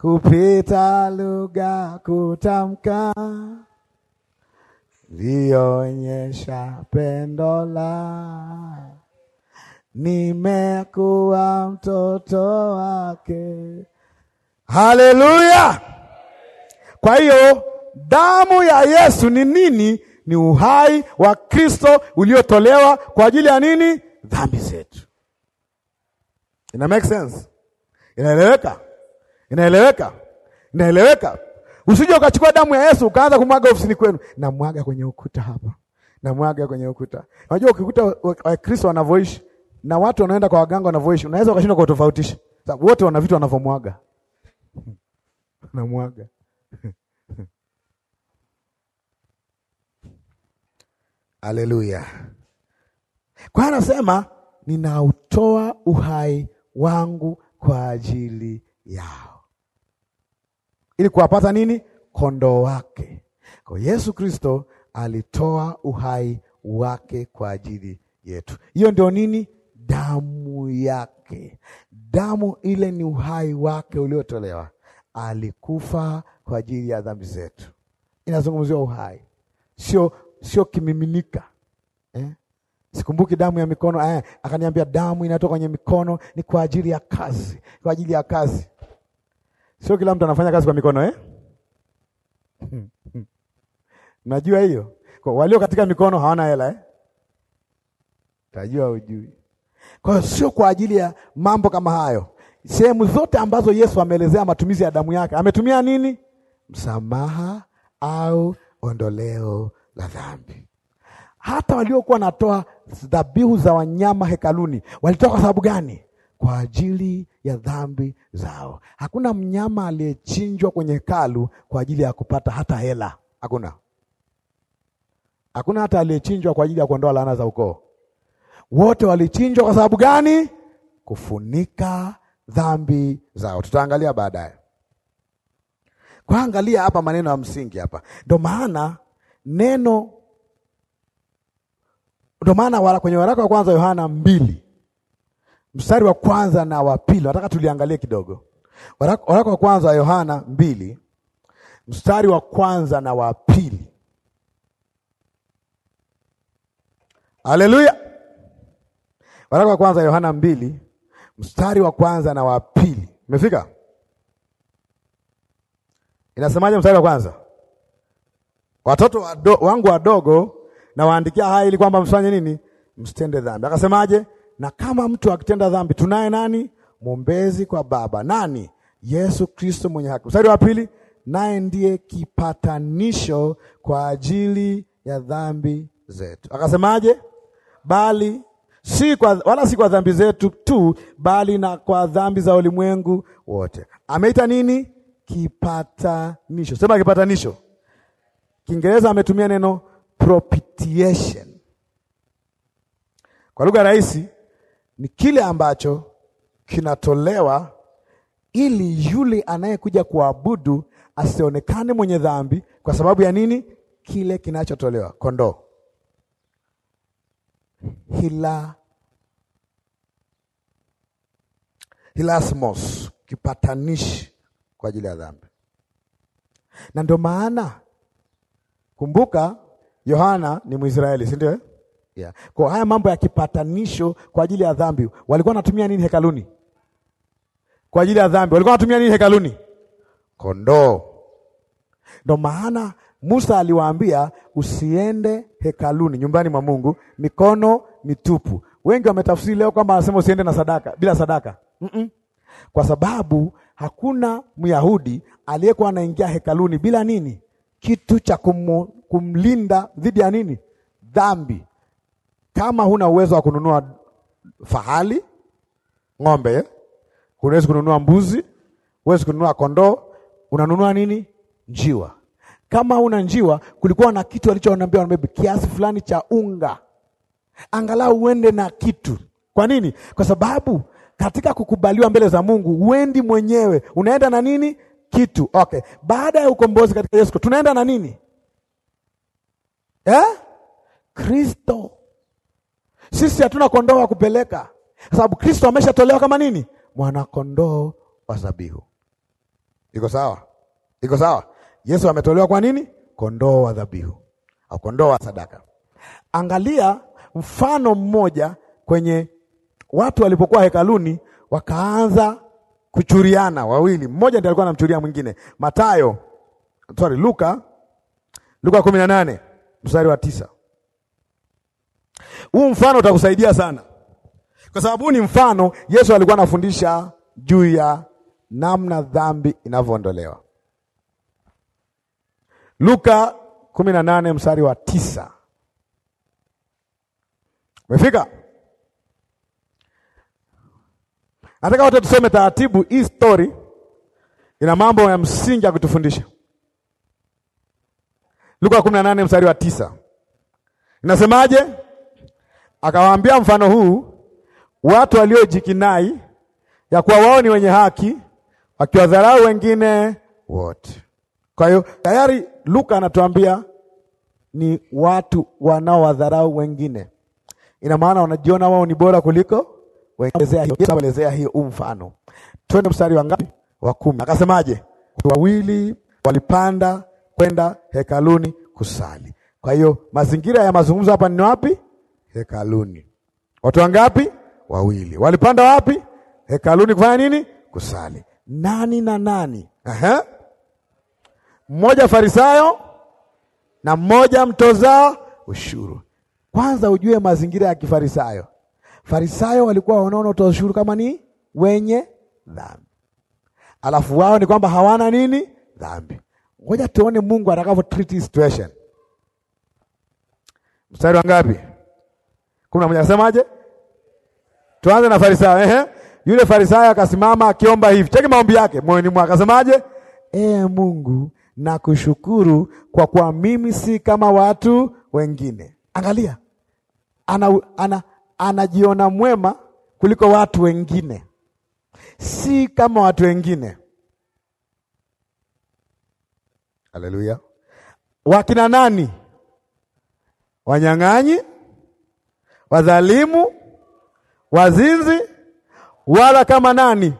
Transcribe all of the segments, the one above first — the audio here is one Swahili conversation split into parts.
kupita lugha kutamka, lionyesha pendo la nimekuwa mtoto wake. Haleluya! Kwa hiyo damu ya Yesu ni nini? Ni uhai wa Kristo uliotolewa kwa ajili ya nini? Dhambi zetu. Ina make sense? Inaeleweka? Inaeleweka? Inaeleweka? Usije ukachukua damu ya Yesu ukaanza kumwaga ofisini kwenu, na mwaga kwenye ukuta hapa, na mwaga kwenye ukuta. Unajua ukikuta Wakristo wanavyoishi na watu wanaenda kwa waganga wanavyoishi, unaweza ukashindwa kutofautisha, sababu wote wana vitu wanavyomwaga na mwaga Haleluya. Kwa anasema ninautoa uhai wangu kwa ajili yao ili kuwapata nini? Kondoo wake. Kwa Yesu Kristo alitoa uhai wake kwa ajili yetu. Hiyo ndio nini? Damu yake. Damu ile ni uhai wake uliotolewa. Alikufa kwa ajili ya dhambi zetu. Inazungumziwa uhai, sio sio kimiminika eh? Sikumbuki damu ya mikono eh. Akaniambia damu inatoka kwenye mikono ni kwa ajili ya kazi, kwa ajili ya kazi. Sio kila mtu anafanya kazi kwa mikono eh? Najua hiyo. Kwa walio katika mikono hawana hela eh? Tajua ujui. Kwa hiyo sio kwa ajili ya mambo kama hayo. Sehemu zote ambazo Yesu ameelezea matumizi ya damu yake, ametumia nini? Msamaha au ondoleo la dhambi. Hata waliokuwa wanatoa dhabihu za wanyama hekaluni walitoa kwa sababu gani? kwa ajili ya dhambi zao. Hakuna mnyama aliyechinjwa kwenye hekalu kwa ajili ya kupata hata hela. Hakuna, hakuna hata aliyechinjwa kwa ajili ya kuondoa laana za ukoo. Wote walichinjwa kwa sababu gani? Kufunika dhambi zao. Tutaangalia baadaye. Kwa angalia hapa maneno ya msingi hapa, ndo maana neno, ndo maana wala kwenye waraka wa kwanza Yohana mbili mstari wa kwanza na wa pili nataka tuliangalie kidogo. Waraka wa kwanza wa Yohana mbili mstari wa kwanza na wa pili. Haleluya! Waraka wa kwanza Yohana mbili mstari wa kwanza na wa pili. Umefika? Inasemaje mstari wa kwanza? Watoto wado, wangu wadogo nawaandikia haya ili kwamba msifanye nini? Msitende dhambi. Akasemaje? Na kama mtu akitenda dhambi, tunaye nani? Mwombezi kwa Baba. Nani? Yesu Kristo mwenye haki. Mstari wa pili, naye ndiye kipatanisho kwa ajili ya dhambi zetu. Akasemaje? Bali si kwa, wala si kwa dhambi zetu tu, bali na kwa dhambi za ulimwengu wote. Ameita nini? Kipatanisho. Sema kipatanisho. Kiingereza ametumia neno propitiation. Kwa lugha rahisi ni kile ambacho kinatolewa ili yule anayekuja kuabudu asionekane mwenye dhambi kwa sababu ya nini? Kile kinachotolewa kondoo. Hila hilasmos, kipatanishi kwa ajili ya dhambi. Na ndio maana kumbuka, Yohana ni Mwisraeli, si ndio? Eh? kusikia. Kwa haya mambo ya kipatanisho kwa ajili ya dhambi walikuwa wanatumia nini hekaluni? Kwa ajili ya dhambi walikuwa wanatumia nini hekaluni? Kondoo. Ndo maana Musa aliwaambia usiende hekaluni, nyumbani mwa Mungu, mikono mitupu. Wengi wametafsiri leo kwamba anasema usiende na sadaka, bila sadaka mm -mm. Kwa sababu hakuna Myahudi aliyekuwa anaingia hekaluni bila nini, kitu cha kum, kumlinda dhidi ya nini, dhambi. Kama huna uwezo wa kununua fahali, ng'ombe, huwezi kununua mbuzi, huwezi kununua kondoo, unanunua nini? Njiwa. Kama huna njiwa, kulikuwa na kitu alichoniambia Nabii, kiasi fulani cha unga, angalau uende na kitu. Kwa nini? Kwa sababu katika kukubaliwa mbele za Mungu uendi mwenyewe, unaenda na nini? Kitu. Okay, baada ya ukombozi katika Yesu tunaenda na nini eh? Kristo. Sisi hatuna kondoo wa kupeleka, sababu Kristo ameshatolewa kama nini, mwana kondoo wa dhabihu. Iko sawa? Iko sawa. Yesu ametolewa kwa nini? Kondoo wa dhabihu au kondoo wa sadaka. Angalia mfano mmoja kwenye watu walipokuwa hekaluni, wakaanza kuchuriana wawili, mmoja ndiye alikuwa anamchuria mwingine. Matayo sorry, Luka Luka kumi na nane mstari wa tisa huu mfano utakusaidia sana, kwa sababu ni mfano. Yesu alikuwa anafundisha juu ya namna dhambi inavyoondolewa. Luka kumi na mstari wa tisa. Umefika? Nataka wote tusome taratibu. Hii story ina mambo ya msingi ya kutufundisha. Luka kumi mstari wa tisa inasemaje? Akawaambia mfano huu, watu waliojikinai ya kuwa wao ni wenye haki wakiwadharau wengine wote. Kwa hiyo tayari Luka anatuambia ni watu wanaowadharau wengine, ina maana wanajiona wao ni bora kuliko wengineelezea hiyo mfano. Twende mstari wa ngapi? Wa kumi. Akasemaje? Wawili walipanda kwenda hekaluni kusali. Kwa hiyo mazingira ya mazungumzo hapa ni wapi? hekaluni. Watu wangapi? Wawili. Walipanda wapi? Hekaluni kufanya nini? Kusali. Nani na nani? Aha. Mmoja farisayo na mmoja mtoza ushuru. Kwanza ujue mazingira ya kifarisayo. Farisayo walikuwa wanaona utoza ushuru kama ni wenye dhambi, alafu wao ni kwamba hawana nini dhambi. Ngoja tuone Mungu atakavyo treat situation. Mstari wa ngapi? kumi na moja anasemaje? Tuanze na Farisayo. Ehe, yule Farisayo akasimama akiomba hivi, cheki maombi yake moyoni mwake, akasemaje? Ee Mungu, nakushukuru kwa kuwa mimi si kama watu wengine. Angalia, ana, ana, anajiona mwema kuliko watu wengine, si kama watu wengine. Haleluya! wakina nani? Wanyang'anyi wadhalimu, wazinzi, wala kama nani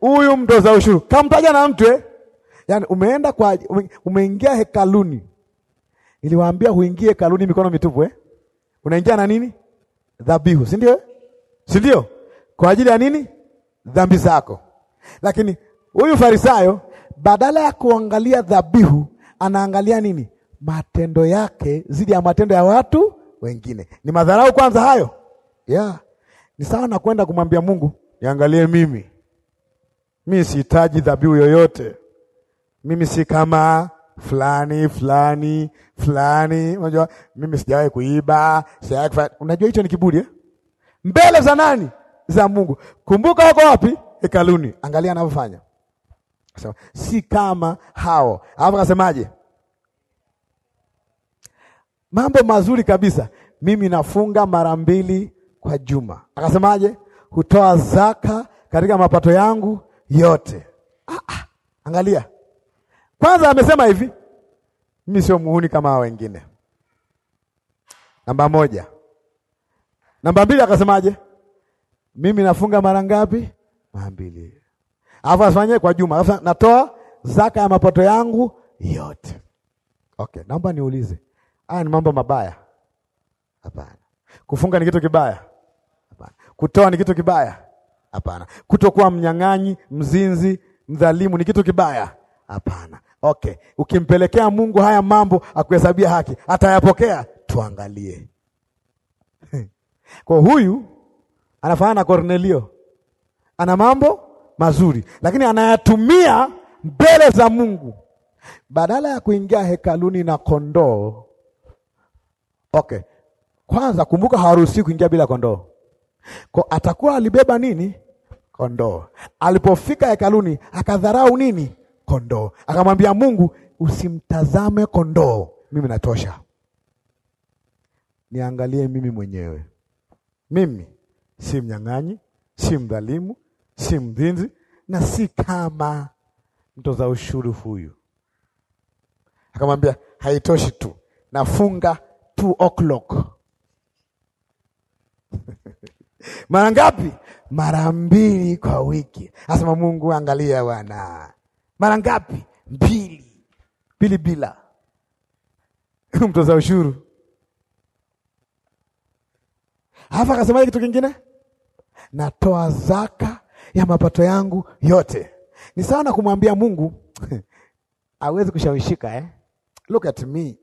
huyu mtoza ushuru. Kamtaja na mtu eh? Yaani umeenda kwa umeingia hekaluni, niliwaambia huingie hekaluni mikono mitupu eh? Unaingia na nini? Dhabihu, si ndio? Eh? Si ndio? Kwa ajili ya nini? Dhambi zako. Lakini huyu Farisayo badala ya kuangalia dhabihu anaangalia nini? Matendo yake zidi ya matendo ya watu wengine. Ni madharau kwanza hayo, yeah. Ni sawa na kwenda kumwambia Mungu, niangalie mimi, Mimi sihitaji dhabihu yoyote, mimi si kama fulani fulani fulani. Unajua mimi sijawahi kuiba, sijawahi. Unajua hicho ni kiburi eh? Mbele za nani? Za Mungu. Kumbuka wako wapi? Hekaluni. Angalia anavyofanya, so, si kama hao. Alafu akasemaje? mambo mazuri kabisa. Mimi nafunga mara mbili kwa juma. Akasemaje? Hutoa zaka katika mapato yangu yote. Ah, ah, angalia kwanza, amesema hivi, mimi sio muhuni kama wengine. Namba moja. Namba mbili akasemaje? Mimi nafunga mara ngapi? Mara mbili. Alafu asifanye kwa juma. Alafu natoa zaka ya mapato yangu yote. Okay, naomba niulize Haya ni mambo mabaya? Hapana. Kufunga ni kitu kibaya? Hapana. Kutoa ni kitu kibaya? Hapana. Kutokuwa mnyang'anyi, mzinzi, mdhalimu ni kitu kibaya? Hapana. Okay, ukimpelekea Mungu haya mambo akuhesabia haki, atayapokea? Tuangalie. Kwa huyu anafanana na Kornelio, ana mambo mazuri lakini anayatumia mbele za Mungu badala ya kuingia hekaluni na kondoo Okay. Kwanza kumbuka, hawaruhusiwi kuingia bila kondoo. Kwa atakuwa alibeba nini? Kondoo. Alipofika hekaluni akadharau nini? Kondoo. Akamwambia Mungu, usimtazame kondoo, mimi natosha, niangalie mimi mwenyewe. Mimi si mnyang'anyi, si mdhalimu, si mdhinzi na si kama mtoza ushuru huyu. Akamwambia haitoshi tu, nafunga two o'clock. mara ngapi? Mara mbili kwa wiki. Asema Mungu, angalia bwana, mara ngapi? Mbili mbili, bila mtoza ushuru. hapa akasema kitu kingine? Natoa zaka ya mapato yangu yote. Ni sawa na kumwambia Mungu awezi kushawishika eh? Look at me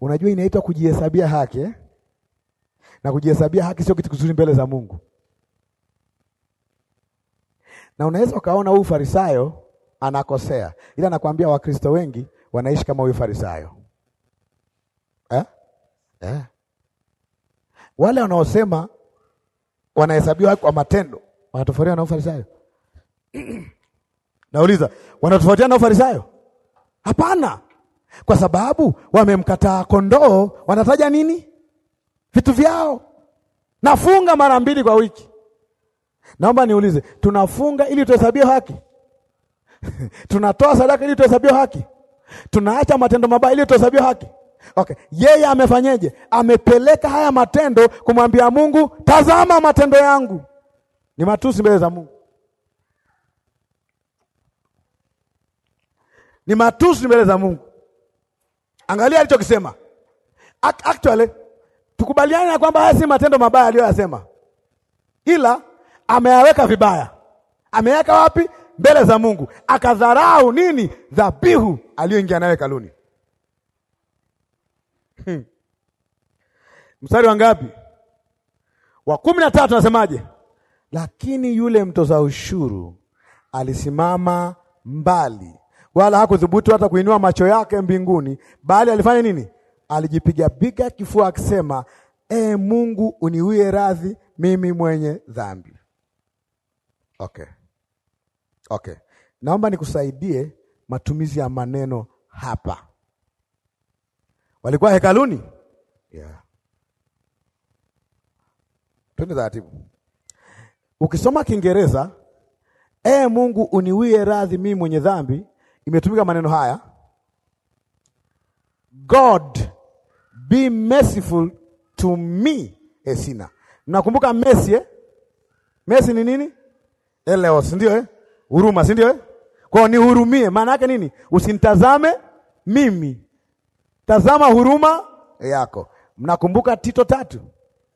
Unajua inaitwa kujihesabia haki eh? Na kujihesabia haki sio kitu kizuri mbele za Mungu. Na unaweza ukaona huyu Farisayo anakosea, ila nakwambia Wakristo wengi wanaishi kama huyu Farisayo eh? Eh. Wale wanaosema wanahesabiwa haki kwa matendo wanatofautiana na Ufarisayo. Nauliza, wanatofautiana na Ufarisayo? Hapana, kwa sababu wamemkataa kondoo. Wanataja nini? Vitu vyao. Nafunga mara mbili kwa wiki. Naomba niulize, tunafunga ili tuhesabie haki? tunatoa sadaka ili tuhesabie haki? tunaacha matendo mabaya ili tuhesabie haki? Okay, yeye amefanyeje? Amepeleka haya matendo kumwambia Mungu, tazama matendo yangu ni matusi mbele za Mungu, ni matusi mbele za Mungu. Angalia alichokisema. Actually tukubaliane na kwamba haya si matendo mabaya aliyoyasema, ila ameyaweka vibaya. Ameweka wapi? Mbele za Mungu. Akadharau nini? Dhabihu aliyoingia nayo hekaluni. Hmm. Mstari wa ngapi? Wa kumi na tatu nasemaje? Lakini yule mtoza ushuru alisimama mbali wala hakuthubutu hata kuinua macho yake mbinguni, bali alifanya nini? Alijipiga biga kifua akisema, e Mungu, uniwie radhi mimi mwenye dhambi. Okay, okay, naomba nikusaidie matumizi ya maneno hapa. Walikuwa hekaluni, yeah. Twende taratibu. Ukisoma Kiingereza, e Mungu uniwie radhi mimi mwenye dhambi imetumika maneno haya, God be merciful to me a sinner. Mnakumbuka mercy eh? Mercy ni nini? Eleos, ndio eh? Huruma, si ndio eh? Kwao nihurumie, maana yake nini? Usinitazame mimi, tazama huruma yako. Mnakumbuka Tito tatu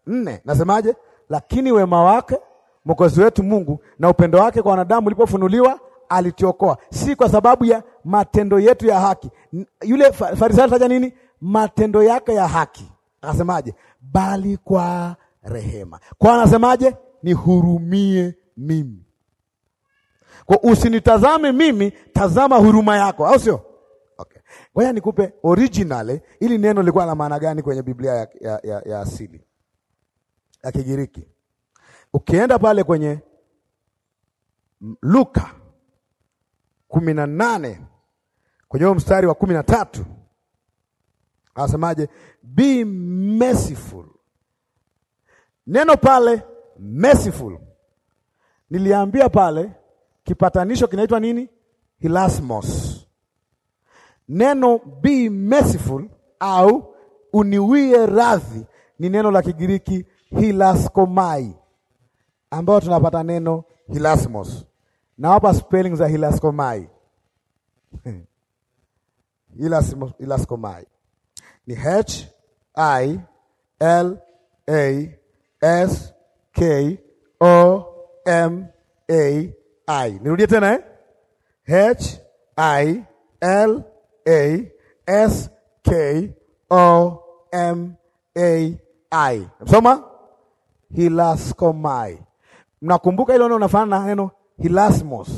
nne, nasemaje? Lakini wema wake Mwokozi wetu Mungu na upendo wake kwa wanadamu ulipofunuliwa alituokoa, si kwa sababu ya matendo yetu ya haki. Yule Farisayo alitaja nini? Matendo yake ya haki. Akasemaje? Bali kwa rehema. Kwa anasemaje? Nihurumie mimi, kwa usinitazame mimi, tazama huruma yako, au sio? Okay, ngoja nikupe original, ili neno lilikuwa na maana gani kwenye Biblia ya, ya, ya, ya asili ya Kigiriki. Ukienda pale kwenye Luka kumi na nane kwenye mstari wa kumi na tatu anasemaje? Be merciful. Neno pale merciful, niliambia pale kipatanisho kinaitwa nini? Hilasmos. Neno be merciful au uniwie radhi ni neno la Kigiriki hilaskomai, ambayo tunapata neno hilasmos nawapa spelling za hilaskomai Hilas, hilaskomai ni H I L A S K O M A I. Nirudie tena eh? H I L A S K O M A I. Msoma? Hilaskomai. Mnakumbuka hilo neno unafanana na neno Hilasmos.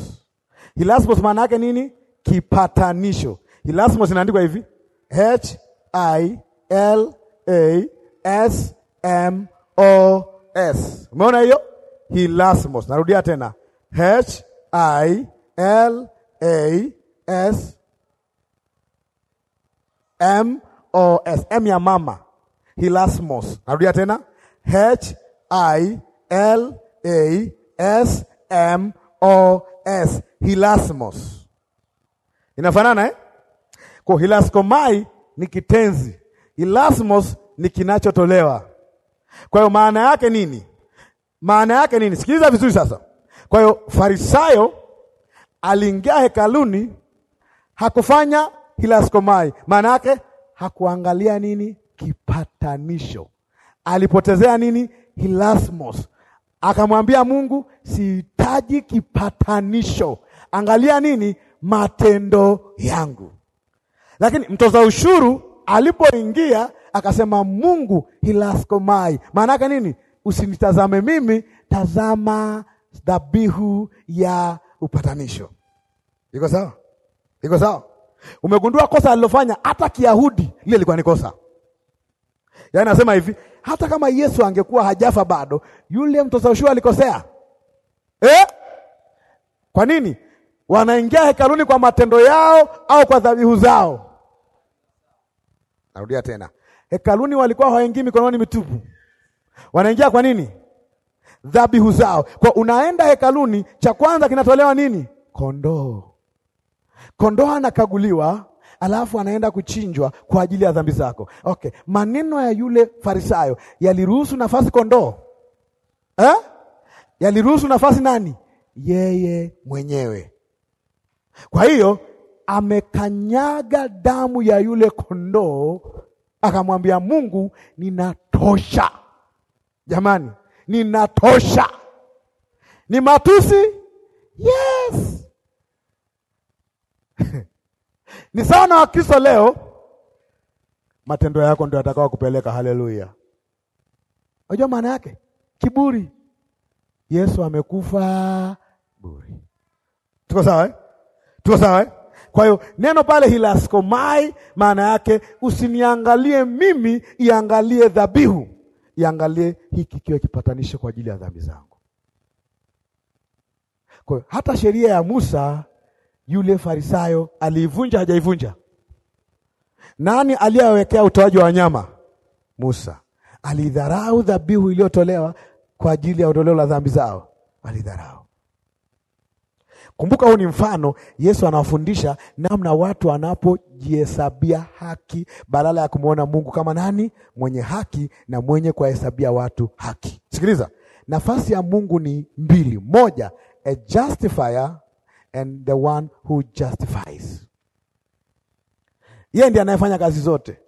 Hilasmos maana yake nini? Kipatanisho. Hilasmos inaandikwa hivi H I L A S M O S. Umeona hiyo? Hilasmos. Narudia tena. H I L A S M O S. M ya mama. Hilasmos. Narudia tena. H I L A S M o s hilasmos inafanana eh? Kwa hilaskomai ni kitenzi, hilasmos ni kinachotolewa. Kwa hiyo maana yake nini? Maana yake nini? Sikiliza vizuri sasa. Kwa hiyo Farisayo aliingia hekaluni, hakufanya hilaskomai, maana yake hakuangalia nini? Kipatanisho. Alipotezea nini? Hilasmos. Akamwambia Mungu, sihitaji kipatanisho, angalia nini matendo yangu. Lakini mtoza ushuru alipoingia akasema, Mungu hilaskomai, maana yake nini? Usinitazame mimi, tazama dhabihu ya upatanisho. Iko sawa? Iko sawa? Umegundua kosa alilofanya hata Kiyahudi lile lilikuwa ni kosa. Yaani anasema hivi, hata kama Yesu angekuwa hajafa bado, yule mtoza ushuru alikosea eh? Kwa nini wanaingia hekaluni? Kwa matendo yao au kwa dhabihu zao? Narudia tena, hekaluni walikuwa hawaingii mikononi mitupu, wanaingia kwa nini? Dhabihu zao. Kwa unaenda hekaluni, cha kwanza kinatolewa nini? Kondoo. Kondoo anakaguliwa alafu anaenda kuchinjwa kwa ajili ya dhambi zako. Okay, maneno ya yule Farisayo yaliruhusu nafasi kondoo eh? Yaliruhusu nafasi nani? Yeye mwenyewe. Kwa hiyo amekanyaga damu ya yule kondoo, akamwambia Mungu, ninatosha. Jamani, ninatosha. Ni matusi? Yes. Ni sawa na Wakristo leo, matendo yako ndio yatakao kupeleka. Haleluya! Unajua maana yake kiburi. Yesu amekufa buri. Tuko sawa eh? Tuko sawa eh? Kwa hiyo neno pale hilaskomai, maana yake usiniangalie mimi, iangalie dhabihu, iangalie hiki kiwe kipatanisho kwa ajili ya dhambi zangu. Kwa hiyo hata sheria ya Musa yule Farisayo aliivunja hajaivunja? Nani aliyewekea utoaji wa wanyama? Musa. Alidharau dhabihu iliyotolewa kwa ajili ya ondoleo la dhambi zao, alidharau. Kumbuka, huu ni mfano. Yesu anawafundisha namna watu wanapojihesabia haki badala ya kumwona Mungu kama nani mwenye haki na mwenye kuwahesabia watu haki. Sikiliza, nafasi ya Mungu ni mbili. Moja, a justifier and the one who justifies. Yeye ndiye anayefanya kazi zote,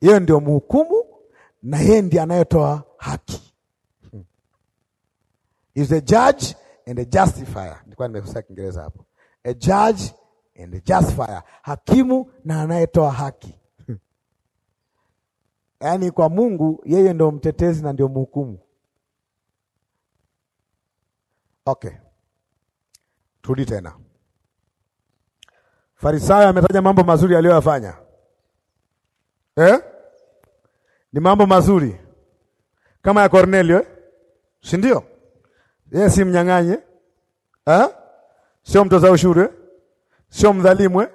yeye ndio mhukumu na yeye ndiye anayetoa haki. Hmm. Is judge and a justifier. Nilikuwa nimekosa Kiingereza hapo, a judge and a justifier, hakimu na anayetoa haki. Yaani kwa Mungu yeye ndio mtetezi na ndio mhukumu. Okay. Turudi tena. Farisayo ametaja mambo mazuri aliyoyafanya, eh? Ni mambo mazuri kama ya Kornelio eh? Si ndio? Yeye si mnyang'anye eh? eh? Sio mtoza ushuru eh? Sio mdhalimu eh?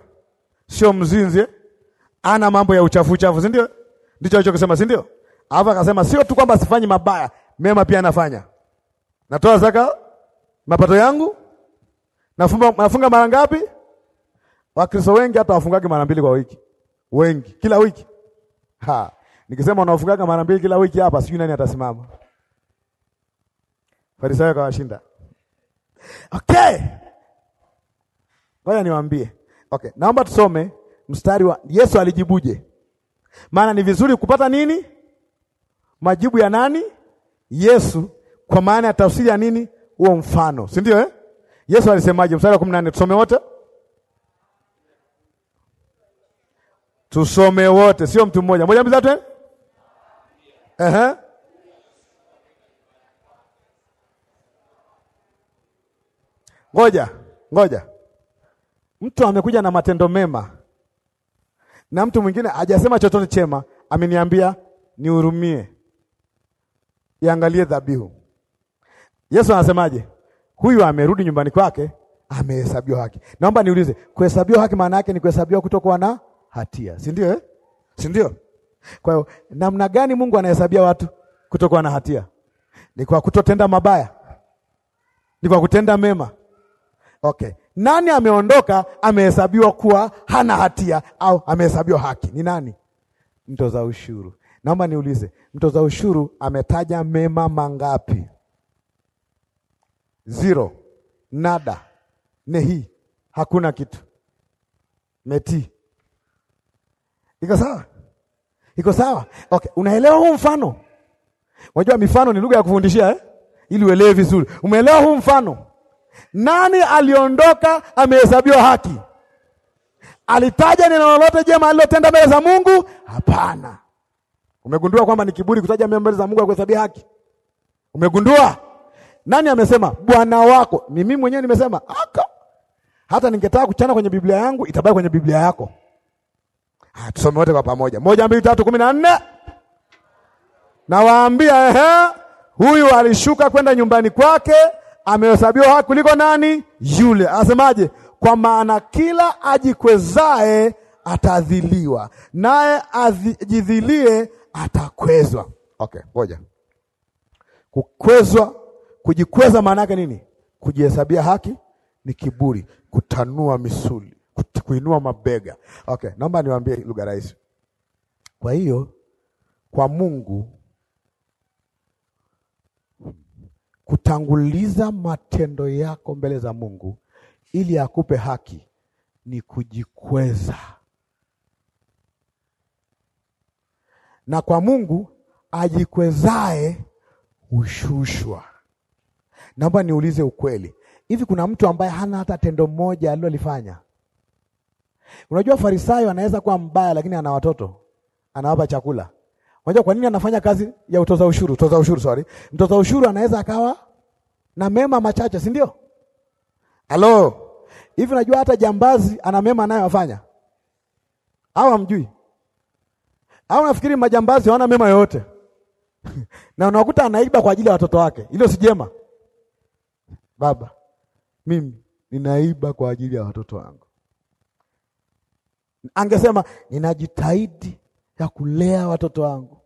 Sio mzinzi eh? Ana mambo ya uchafu uchafu, si ndio? Ndicho kusema, si ndio? Alafu akasema sio tu kwamba sifanyi mabaya, mema pia anafanya. Natoa zaka mapato yangu Nafunga, nafunga mara ngapi? Wakristo wengi hata wafungage mara mbili kwa wiki, wengi kila wiki ha. Nikisema unafungaga mara mbili kila wiki hapa, sijui nani atasimama. Farisayo kawashinda. Okay, ngoja niwaambie. Okay, naomba tusome mstari wa Yesu alijibuje, maana ni vizuri kupata nini, majibu ya nani Yesu, kwa maana ya tafsiri ya nini huo mfano, si ndio eh? Yesu alisemaje? Mstari wa 18 tusome wote, tusome wote, sio mtu mmoja moja mbili tatu. Eh? Ehe, ngoja ngoja, mtu amekuja na matendo mema na mtu mwingine hajasema chochote chema, ameniambia nihurumie, iangalie dhabihu. Yesu anasemaje? huyu amerudi nyumbani kwake, amehesabiwa haki. Naomba niulize, kuhesabiwa haki maana yake ni kuhesabiwa kutokuwa na hatia, si ndio eh? si ndio? Kwa hiyo namna gani Mungu anahesabia watu kutokuwa na hatia? Ni kwa kutotenda mabaya, ni kwa kutenda mema. Okay, nani ameondoka amehesabiwa kuwa hana hatia au amehesabiwa haki? Ni nani? Mtoza ushuru. Naomba niulize, mtoza ushuru ametaja mema mangapi? zero, nada, nehi, hakuna kitu, meti. Iko sawa? Iko sawa? Okay, unaelewa huu mfano? Unajua mifano ni lugha ya kufundishia eh? Ili uelewe vizuri. Umeelewa huu mfano? Nani aliondoka amehesabiwa haki? Alitaja neno lolote jema alilotenda mbele za Mungu? Hapana. Umegundua kwamba ni kiburi kutaja mbele za Mungu akuhesabia haki? Umegundua? Nani amesema? Bwana wako. Ni mimi mwenyewe nimesema. Aka. Hata ningetaka kuchana kwenye Biblia yangu, itabaki kwenye Biblia yako. Ah, tusome wote kwa pamoja. Moja, mbili, tatu, kumi na nne. Nawaambia, ehe, huyu alishuka kwenda nyumbani kwake, amehesabiwa haki kuliko nani? Yule. Anasemaje? Kwa maana kila ajikwezae atadhiliwa, naye ajidhilie atakwezwa. Okay, moja. Kukwezwa Kujikweza maana yake nini? Kujihesabia haki ni kiburi, kutanua misuli, kuinua mabega. Okay, naomba niwaambie lugha rahisi. Kwa hiyo kwa Mungu kutanguliza matendo yako mbele za Mungu ili akupe haki ni kujikweza, na kwa Mungu ajikwezae hushushwa. Naomba niulize ukweli, hivi kuna mtu ambaye hana hata tendo moja alilolifanya? Unajua Farisayo anaweza kuwa mbaya, lakini ana watoto, anawapa chakula. Unajua kwa nini anafanya kazi ya utoza ushuru? Toza ushuru, sorry, mtoza ushuru anaweza akawa na mema machache, si ndio? Halo, hivi unajua hata jambazi ana mema anayofanya au amjui? Au nafikiri majambazi hawana mema yoyote? na unakuta anaiba kwa ajili ya watoto wake, hilo si jema? baba, mimi ninaiba kwa ajili ya watoto wangu. Angesema ninajitahidi ya kulea watoto wangu,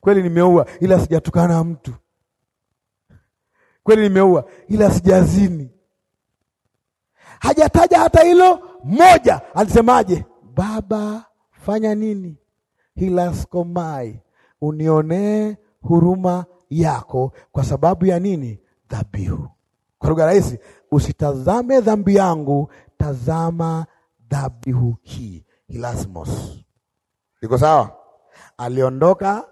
kweli nimeua ila sijatukana mtu, kweli nimeua ila sijazini. Hajataja hata hilo moja. Alisemaje? Baba, fanya nini hila sikomai, unionee huruma yako. Kwa sababu ya nini? dhabihu. Kwa lugha rahisi, usitazame dhambi yangu, tazama dhabihu hii. Hilasmos, iko sawa? Aliondoka,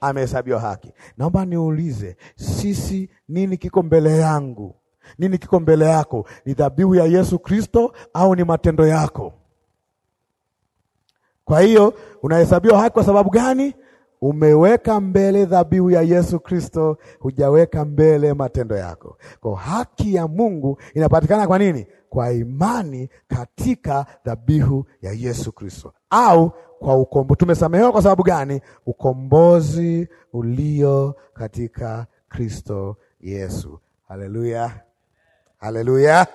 amehesabiwa haki. Naomba niulize, sisi nini kiko mbele yangu? Nini kiko mbele yako? Ni dhabihu ya Yesu Kristo au ni matendo yako? Kwa hiyo unahesabiwa haki kwa sababu gani? Umeweka mbele dhabihu ya Yesu Kristo, hujaweka mbele matendo yako. Kwa haki ya Mungu inapatikana kwa nini? Kwa imani katika dhabihu ya Yesu Kristo, au kwa ukombo. Tumesamehewa kwa sababu gani? Ukombozi ulio katika Kristo Yesu. Haleluya, haleluya.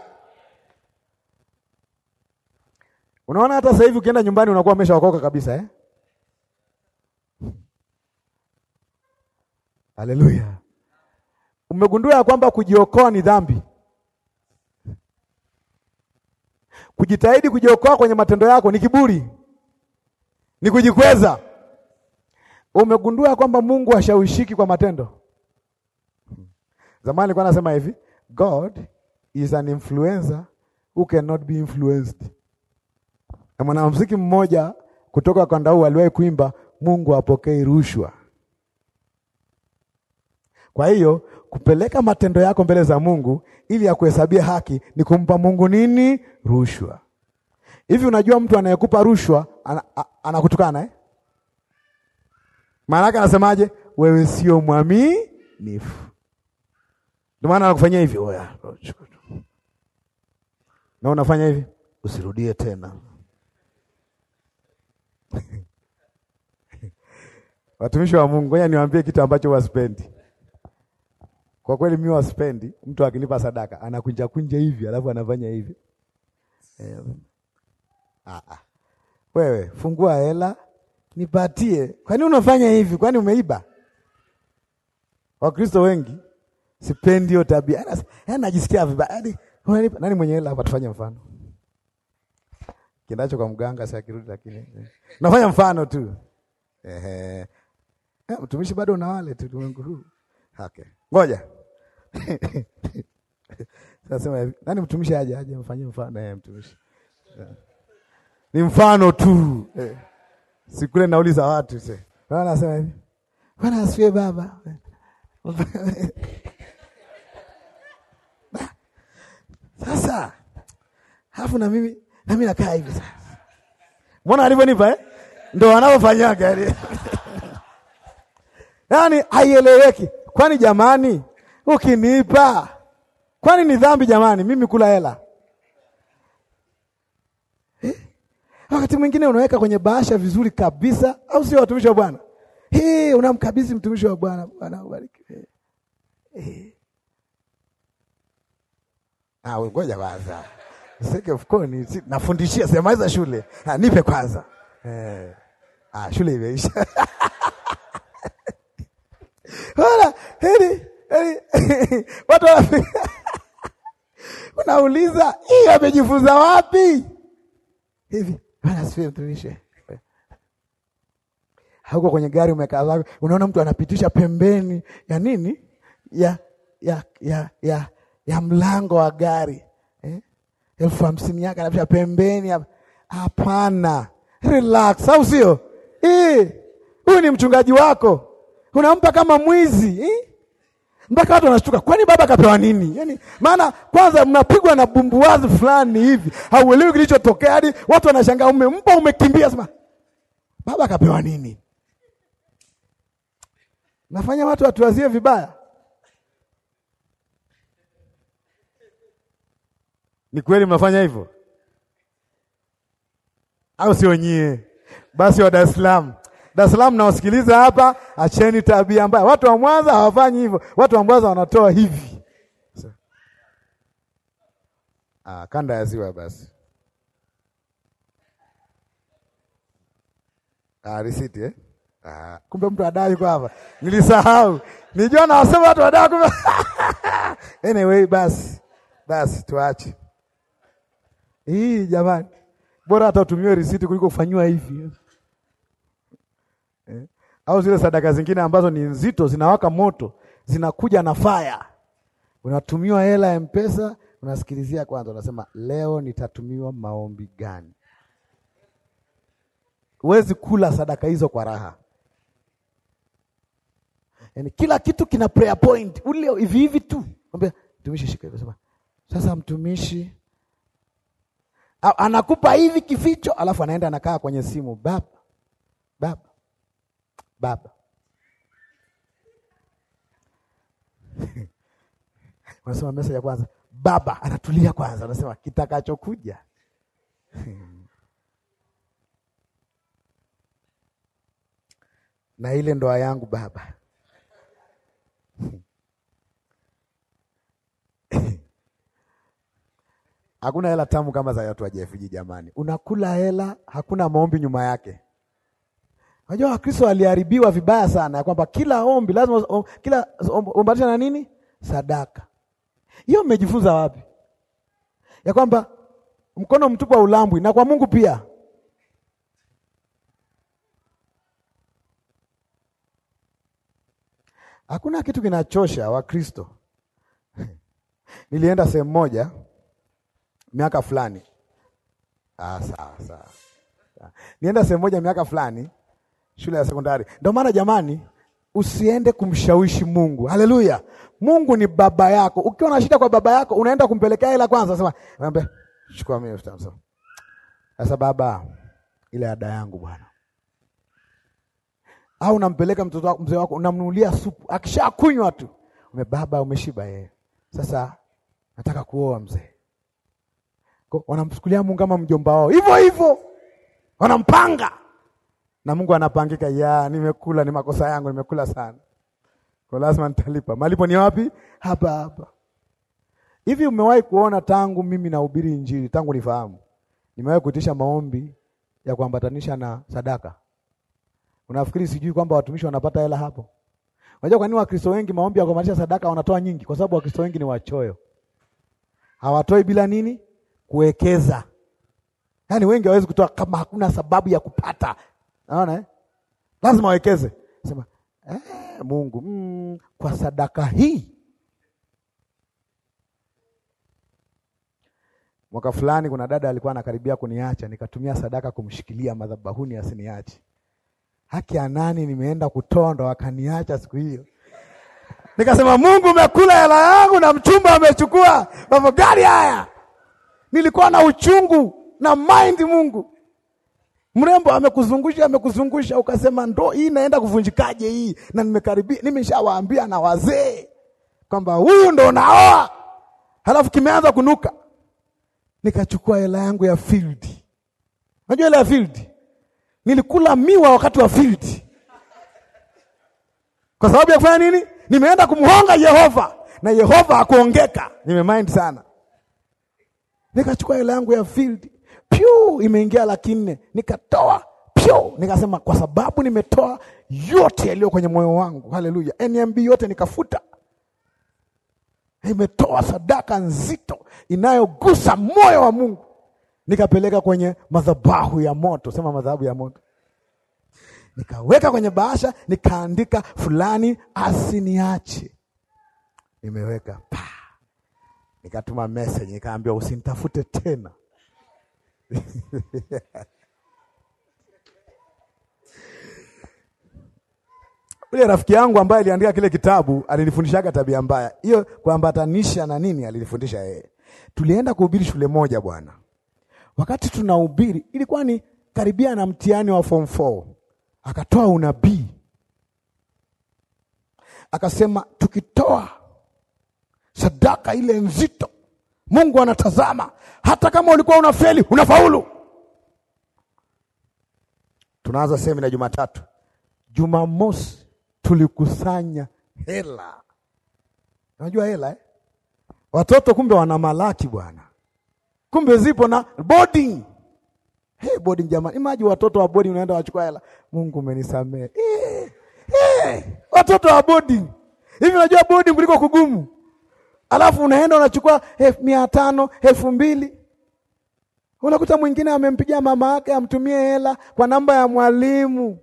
Unaona, hata sasa hivi ukienda nyumbani unakuwa umeshaokoka kabisa eh? Haleluya! Umegundua ya kwamba kujiokoa ni dhambi. Kujitahidi kujiokoa kwenye matendo yako ni kiburi, ni kujikweza. Umegundua kwamba Mungu hashawishiki kwa matendo. Zamani kwa nasema hivi, God is an influencer who cannot be influenced. Na mwanamuziki mmoja kutoka kanda huu aliwahi kuimba, Mungu apokee rushwa. Kwa hiyo kupeleka matendo yako mbele za Mungu ili akuhesabie haki ni kumpa Mungu nini? Rushwa. Hivi unajua mtu anayekupa rushwa anakutukana eh? Maana yake anasemaje? Wewe sio mwaminifu. Ndio maana anakufanyia hivi, oya, na unafanya hivi, usirudie tena. Watumishi wa Mungu, ngoja niwaambie kitu ambacho wasipendi kwa kweli mimi waspendi mtu akinipa sadaka anakunja kunja hivi alafu anafanya hivi. Eh. Ah ah. Wewe fungua hela nipatie. Kwani unafanya hivi? Kwani umeiba? Wakristo wengi sipendi hiyo tabia. Ana yaani, yaani anajisikia vibaya. Yaani Nani mwenye hela hapa tufanye mfano? Kinacho kwa mganga si akirudi lakini. Nafanya mfano tu. Ehe. Eh, Mtumishi bado una wale tu ulimwengu huu. Okay. Ngoja. Nasema hivi, nani mtumishi aje aje mfanye mfano eh, mtumishi eh. ni mfano tu eh. Sikule nauliza watu se. Bwana nasema hivi. Bwana asifiwe baba. Sasa hafu na mimi na mimi nakaa hivi sasa. Mbona alivyonipa eh? Ndio wanaofanyaga. Yaani haieleweki. Kwani jamani ukinipa. Kwani ni dhambi jamani, mimi kula hela eh? Wakati mwingine unaweka kwenye bahasha vizuri kabisa, au sio, watumishi wa Bwana? Hey, unamkabidhi mtumishi wa Bwana, Bwana ubariki. Eh. eh. Ah, ngoja kwanza. Sike fukoni, nafundishia semaiza shule. Ha, ah, nipe kwanza. Eh. Ah, shule imeisha. Hola, heri. Yaani, watu wapi? Unauliza hii wamejifunza wapi? Hivi bana, sifie mtumishe hauko kwenye gari umekaa zako, unaona mtu anapitisha pembeni ya nini ya ya ya ya, ya mlango wa gari eh? elfu hamsini yake anapitisha pembeni. Hapana, relax, au sio? Huyu ni mchungaji wako, unampa kama mwizi eh? mpaka watu wanashtuka, kwani baba akapewa nini? Yani maana kwanza mnapigwa na bumbuwazi fulani hivi, hauelewi kilichotokea, hadi watu wanashangaa, umempa umekimbia, sema baba akapewa nini? Nafanya watu watuwazie vibaya. Ni kweli mnafanya hivyo, au sio nyie? Basi wa Dar es Salaam Dar es Salaam nawasikiliza hapa, acheni tabia mbaya. Watu wa Mwanza hawafanyi hivyo, watu wa Mwanza wanatoa hivi. Ah, kanda ya ziwa basi. Ah, risiti eh? Ah, kumbe mtu adai kwa hapa. Nilisahau. Nijua na wasema watu wadai kumbe. Anyway, basi. Basi tuache. Hii jamani. Bora hata utumiwe risiti kuliko kufanywa hivi au zile sadaka zingine ambazo ni nzito zinawaka moto zinakuja na faya, unatumiwa hela ya mpesa, unasikilizia kwanza, unasema leo nitatumiwa maombi gani? Huwezi kula sadaka hizo kwa raha, Yani, kila kitu kina prayer point ule hivi hivi tu. Mwambie mtumishi, shika hivi, sema sasa mtumishi anakupa hivi kificho, alafu anaenda anakaa kwenye simu, baba baba baba unasema message ya kwanza baba, anatulia kwanza, anasema kitakachokuja na ile ndoa yangu baba hakuna hela tamu kama za watu wa JFG jamani, unakula hela, hakuna maombi nyuma yake. Unajua Wakristo waliharibiwa vibaya sana ya kwamba kila ombi lazima om, kila ombanisha na nini sadaka. Hiyo mmejifunza wapi? Ya kwamba mkono mtupu wa ulambwi na kwa Mungu pia. Hakuna kitu kinachosha Wakristo. Nilienda sehemu moja miaka fulani. Ah, sawa sawa. Nienda sehemu moja miaka fulani shule ya sekondari. Ndio maana jamani, usiende kumshawishi Mungu. Haleluya! Mungu ni baba yako. Ukiwa na shida kwa baba yako, unaenda kumpelekea hela kwanza, sema naambia, chukua mimi elfu tano sasa baba, ile ada yangu bwana. Au nampeleka mtoto wako, mzee wako, unamnunulia supu, akishakunywa tu ume, baba umeshiba yeye. Sasa nataka kuoa mzee. Wanamchukulia Mungu kama mjomba wao, hivyo hivyo wanampanga na Mungu anapangika, ya nimekula, ni makosa yangu, nimekula sana, kwa lazima nitalipa. Malipo ni wapi? Hapa hapa. Hivi umewahi kuona, tangu mimi nahubiri Injili, tangu nifahamu, nimewahi kuitisha maombi ya kuambatanisha na sadaka? Unafikiri sijui kwamba watumishi wanapata hela hapo? Unajua kwa nini Wakristo wengi maombi ya kuambatanisha sadaka wanatoa nyingi? Kwa sababu Wakristo wengi ni wachoyo, hawatoi bila nini kuwekeza. Yaani wengi hawawezi kutoa kama hakuna sababu ya kupata Naona eh? Lazima wekeze. Sema, eh, Mungu mm, kwa sadaka hii mwaka fulani kuna dada alikuwa anakaribia kuniacha, nikatumia sadaka kumshikilia madhabahuni asiniache. Haki ya nani? Nimeenda kutondo akaniacha siku hiyo. Nikasema Mungu, umekula hela yangu na mchumba amechukua mambo gari haya. Nilikuwa na uchungu na mind Mungu Mrembo amekuzungusha amekuzungusha, ukasema ndo hii inaenda kuvunjikaje hii? Na nimekaribia nimeshawaambia na wazee kwamba huyu ndo naoa, halafu kimeanza kunuka. Nikachukua hela yangu ya field. Unajua hela ya field, nilikula miwa wakati wa field kwa sababu ya kufanya nini? Nimeenda kumhonga Yehova na Yehova akuongeka. Nimemind sana, nikachukua hela yangu ya field pyu imeingia laki nne, nikatoa pyu, nikasema kwa sababu nimetoa yote yaliyo kwenye moyo wangu. Haleluya, NMB yote nikafuta. Imetoa sadaka nzito inayogusa moyo wa Mungu, nikapeleka kwenye madhabahu ya moto. Sema madhabahu ya moto nikaweka kwenye bahasha, nikaandika fulani asiniache. Nimeweka pa, nikatuma message, nikaambia usinitafute tena, Ule rafiki yangu ambaye aliandika kile kitabu alinifundishaga tabia mbaya hiyo, kuambatanisha na nini, alinifundisha yeye. Tulienda kuhubiri shule moja bwana, wakati tunahubiri ilikuwa ni karibia na mtihani wa form 4. Akatoa unabii akasema, tukitoa sadaka ile nzito Mungu anatazama, hata kama ulikuwa unafeli unafaulu. Tunaanza semina Jumatatu. Jumamosi tulikusanya hela. Unajua hela eh? Watoto kumbe wana malaki bwana, kumbe zipo na boarding. Hey, boarding jamani, imaji watoto wa boarding unaenda wachukua hela. Mungu umenisamehe. Hey, eh, eh, hey, watoto wa boarding hivi, unajua boarding kuliko kugumu alafu unaenda unachukua elfu mia tano elfu mbili unakuta mwingine amempigia mama yake amtumie hela kwa namba ya mwalimu,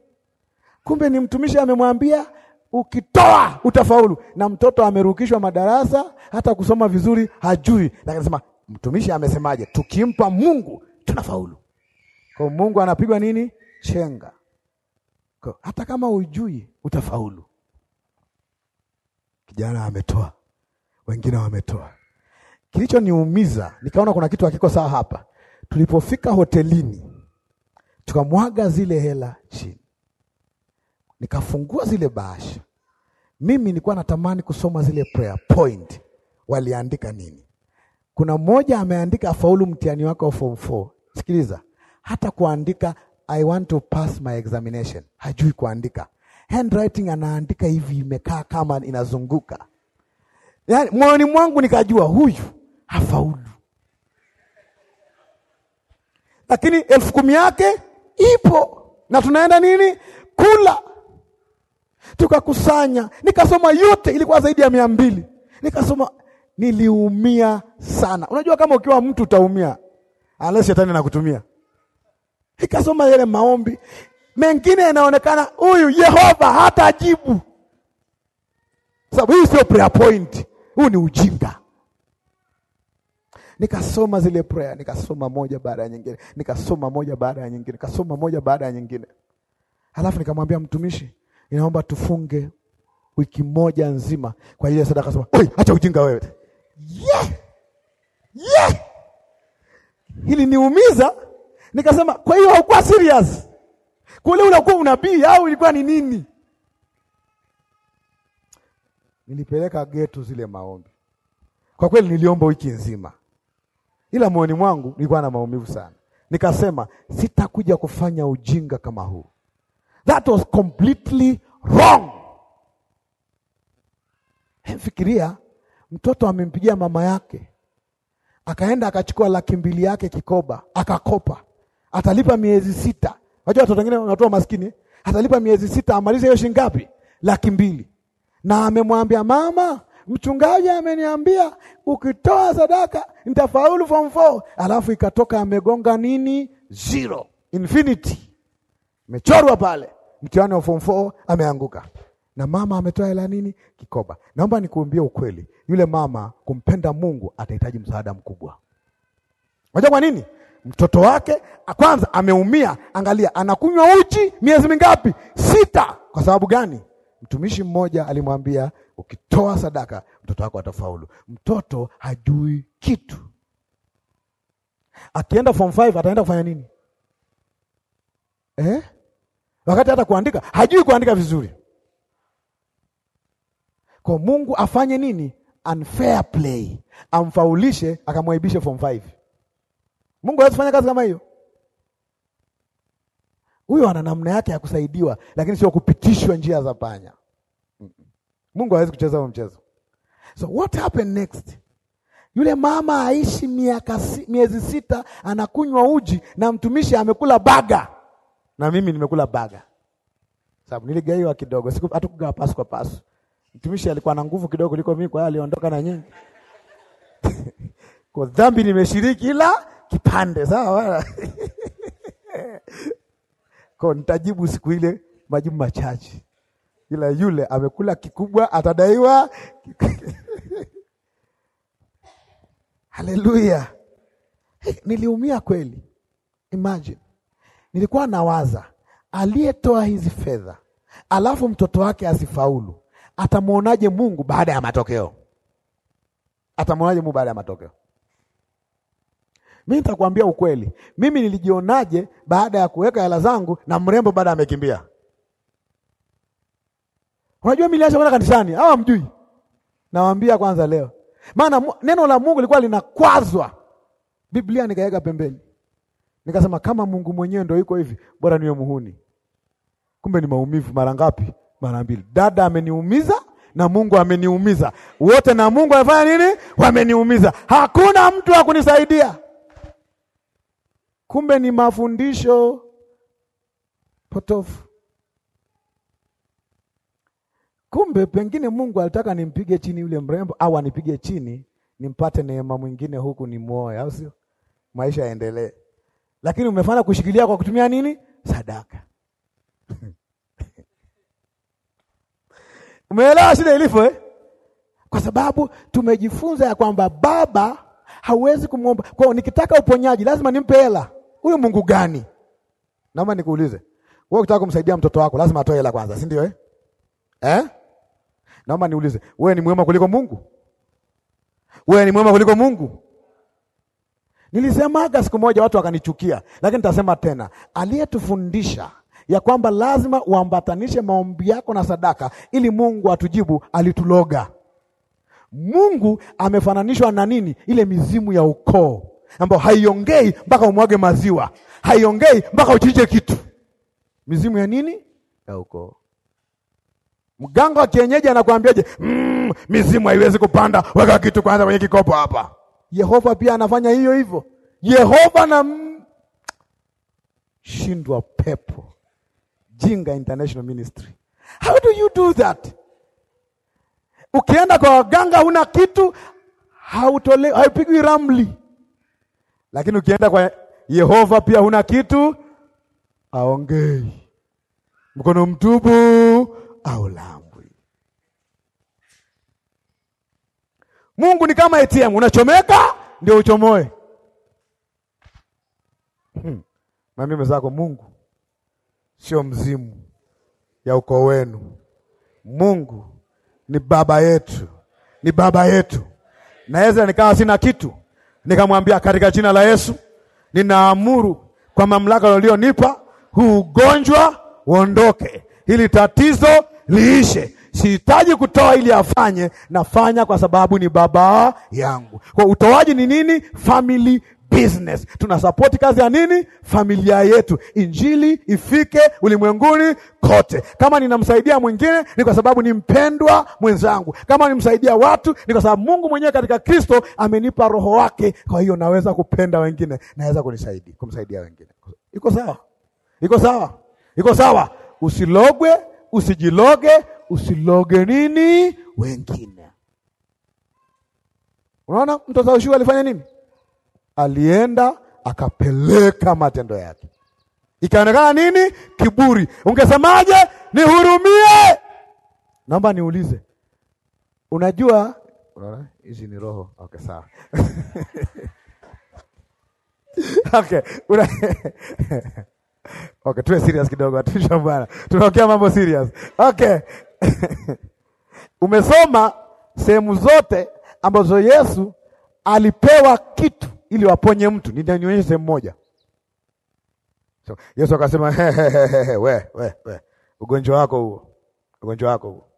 kumbe ni mtumishi amemwambia ukitoa utafaulu, na mtoto amerukishwa madarasa, hata kusoma vizuri hajui, lakini anasema mtumishi amesemaje, tukimpa Mungu tunafaulu. Kwa Mungu anapigwa nini? Chenga. Kwa hata kama ujui utafaulu. Kijana ametoa wengine wametoa. Kilichoniumiza, nikaona kuna kitu hakiko sawa hapa. Tulipofika hotelini, tukamwaga zile hela chini, nikafungua zile bahasha. Mimi nilikuwa natamani kusoma zile prayer point, waliandika nini. Kuna mmoja ameandika afaulu mtihani wako form 4. Sikiliza, hata kuandika I want to pass my examination hajui kuandika handwriting, anaandika hivi, imekaa kama inazunguka yaani moyoni mwangu nikajua huyu hafaulu, lakini elfu kumi yake ipo na tunaenda nini kula. Tukakusanya, nikasoma yote, ilikuwa zaidi ya mia mbili. Nikasoma, niliumia sana. Unajua kama ukiwa mtu utaumia, unless shetani anakutumia. Nikasoma yale maombi mengine yanaonekana huyu Yehova hata jibu sababu hii sio prayer point huu ni ujinga. Nikasoma zile prayer, nikasoma moja baada ya nyingine, nikasoma moja baada ya nyingine, nikasoma moja baada ya nyingine, halafu nikamwambia mtumishi, inaomba tufunge wiki moja nzima kwa ajili ya sadaka. Sema acha ujinga wewe, yeah! yeah! Iliniumiza, nikasema, kwa hiyo haukuwa serious kule, unakuwa unabii au ilikuwa ni nini? nilipeleka getu zile maombi. Kwa kweli niliomba wiki nzima, ila moyoni mwangu nilikuwa na maumivu sana. Nikasema sitakuja kufanya ujinga kama huu. That was completely wrong. Fikiria, mtoto amempigia mama yake, akaenda akachukua laki mbili yake kikoba, akakopa, atalipa miezi sita. wajua watoto wengine wanatoa maskini, atalipa miezi sita, amalize hiyo shilingi ngapi? Laki mbili na amemwambia mama, mchungaji ameniambia ukitoa sadaka nitafaulu form 4. Alafu ikatoka amegonga nini? Zero, infinity mechorwa pale, mtihani wa form 4 ameanguka na mama ametoa hela nini? Kikoba. Naomba nikuambie ukweli, yule mama kumpenda Mungu atahitaji msaada mkubwa. Unajua kwa nini? Mtoto wake kwanza ameumia, angalia, anakunywa uchi miezi mingapi? Sita. Kwa sababu gani? Mtumishi mmoja alimwambia, ukitoa sadaka mtoto wako atafaulu. Mtoto hajui kitu, akienda form 5 ataenda kufanya nini eh? Wakati hata kuandika hajui kuandika vizuri. Kwa Mungu afanye nini? Unfair play, amfaulishe akamwaibishe form 5. Mungu hawezi kufanya kazi kama hiyo. Huyo ana namna yake ya kusaidiwa, lakini sio kupitishwa njia za panya. Mungu hawezi kucheza huo mchezo. So what happened next? Yule mama aishi miaka si, miezi sita, anakunywa uji na mtumishi amekula baga, na mimi nimekula baga sababu niligaiwa kidogo, siku hatukugawa pasu kwa pasu. Mtumishi alikuwa na nguvu kidogo kuliko mimi, kwa hiyo aliondoka na nyingi kwa dhambi nimeshiriki ila kipande sawa Kwa nitajibu siku ile majibu machache, ila yule amekula kikubwa atadaiwa Haleluya! Hey, niliumia kweli. Imagine nilikuwa nawaza aliyetoa hizi fedha alafu mtoto wake asifaulu, atamwonaje Mungu baada ya matokeo? Atamwonaje Mungu baada ya matokeo? Mimi nitakwambia ukweli, mimi nilijionaje baada ya kuweka hela zangu na mrembo baada amekimbia. Unajua mimi niliacha kwenda kanisani, hawa mjui. Nawaambia kwanza leo, maana neno la Mungu lilikuwa linakwazwa. Biblia nikaweka pembeni, nikasema kama Mungu mwenyewe ndio yuko hivi, bora niwe muhuni. Kumbe ni maumivu. Mara ngapi? Mara mbili. Dada ameniumiza na Mungu ameniumiza wote, na Mungu amefanya nini? Wameniumiza. Hakuna mtu wa kunisaidia. Kumbe ni mafundisho potofu. Kumbe pengine Mungu alitaka nimpige chini yule mrembo, au anipige chini nimpate neema mwingine huku nimwoe, au sio? Maisha yaendelee, lakini umefanya kushikilia kwa kutumia nini? Sadaka. Umeelewa shida ilivyo eh? Kwa sababu tumejifunza ya kwamba Baba hauwezi kumwomba. Kwa hiyo nikitaka uponyaji lazima nimpe hela. Huyu Mungu gani? Naomba nikuulize. Wewe ukitaka kumsaidia mtoto wako lazima atoe hela kwanza, si ndio eh? Eh? Naomba niulize, wewe ni mwema kuliko Mungu? Wewe ni mwema kuliko Mungu? Nilisemaga siku moja watu wakanichukia, lakini nitasema tena, aliyetufundisha ya kwamba lazima uambatanishe maombi yako na sadaka ili Mungu atujibu alituloga. Mungu amefananishwa na nini? Ile mizimu ya ukoo ambayo haiongei mpaka umwage maziwa, haiongei mpaka uchinje kitu. Mizimu ya nini? Ya ukoo. Mganga wa kienyeji anakuambiaje? Mm, mizimu haiwezi kupanda, weka kitu kwanza kwenye kikopo hapa. Yehova pia anafanya hiyo hivyo. Yehova na shindwa pepo. Jinga International Ministry. How do you do that? Ukienda kwa waganga huna kitu, hautole haipigwi ramli, lakini ukienda kwa Yehova pia huna kitu, aongei mkono mtubu au lambwi. Mungu ni kama ATM, unachomeka ndio uchomoe. Hmm. Mami mwenzako, Mungu sio mzimu ya ukoo wenu. Mungu ni baba yetu, ni baba yetu. Na Ezra nikawa sina kitu, nikamwambia katika jina la Yesu ninaamuru kwa mamlaka ulionipa, huu ugonjwa uondoke, hili tatizo liishe. Sihitaji kutoa ili afanye, nafanya kwa sababu ni baba yangu. Kwa utoaji ni nini? Family business. support kazi ya nini? Familia yetu, injili ifike ulimwenguni kote. Kama ninamsaidia mwingine ni kwa sababu ni mpendwa mwenzangu, kama nimsaidia watu ni kwa sababu Mungu mwenyewe katika Kristo amenipa roho wake, kwa hiyo naweza kupenda wengine, naweza kunisaidia, kumsaidia wengine. Iko sawa? Iko sawa? Iko sawa? Usilogwe, usijiloge, usiloge nini wengine. Unaona wa ushuru alifanya nini? alienda akapeleka matendo yake, ikaonekana nini? Kiburi. Ungesemaje? Nihurumie. Naomba niulize, unajua hizi ni roho. Okay, sawa okay. Una... okay, tuwe serious kidogo, atusha bwana, tunaongea mambo serious okay. Umesoma sehemu zote ambazo Yesu alipewa kitu ili waponye mtu, nionyeshe sehemu moja. So, Yesu akasema we, we, we. Ugonjwa wako huo, ugonjwa wako huo.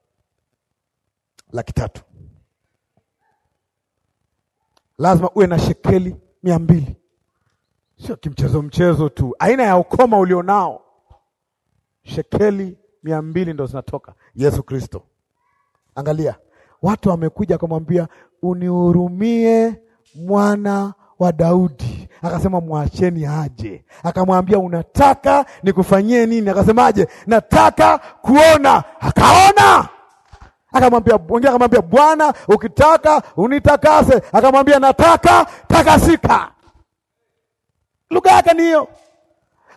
Laki tatu lazima uwe na shekeli mia mbili. Sio kimchezo mchezo tu, aina ya ukoma ulionao. Shekeli mia mbili ndo zinatoka Yesu Kristo. Angalia, watu wamekuja kumwambia, unihurumie mwana wa Daudi. Akasema mwacheni aje. Akamwambia unataka nikufanyie nini? Akasemaje? nataka kuona. Akaona. Akamwambia wengine, akamwambia Bwana, ukitaka unitakase. Akamwambia nataka takasika. Lugha yake ni hiyo.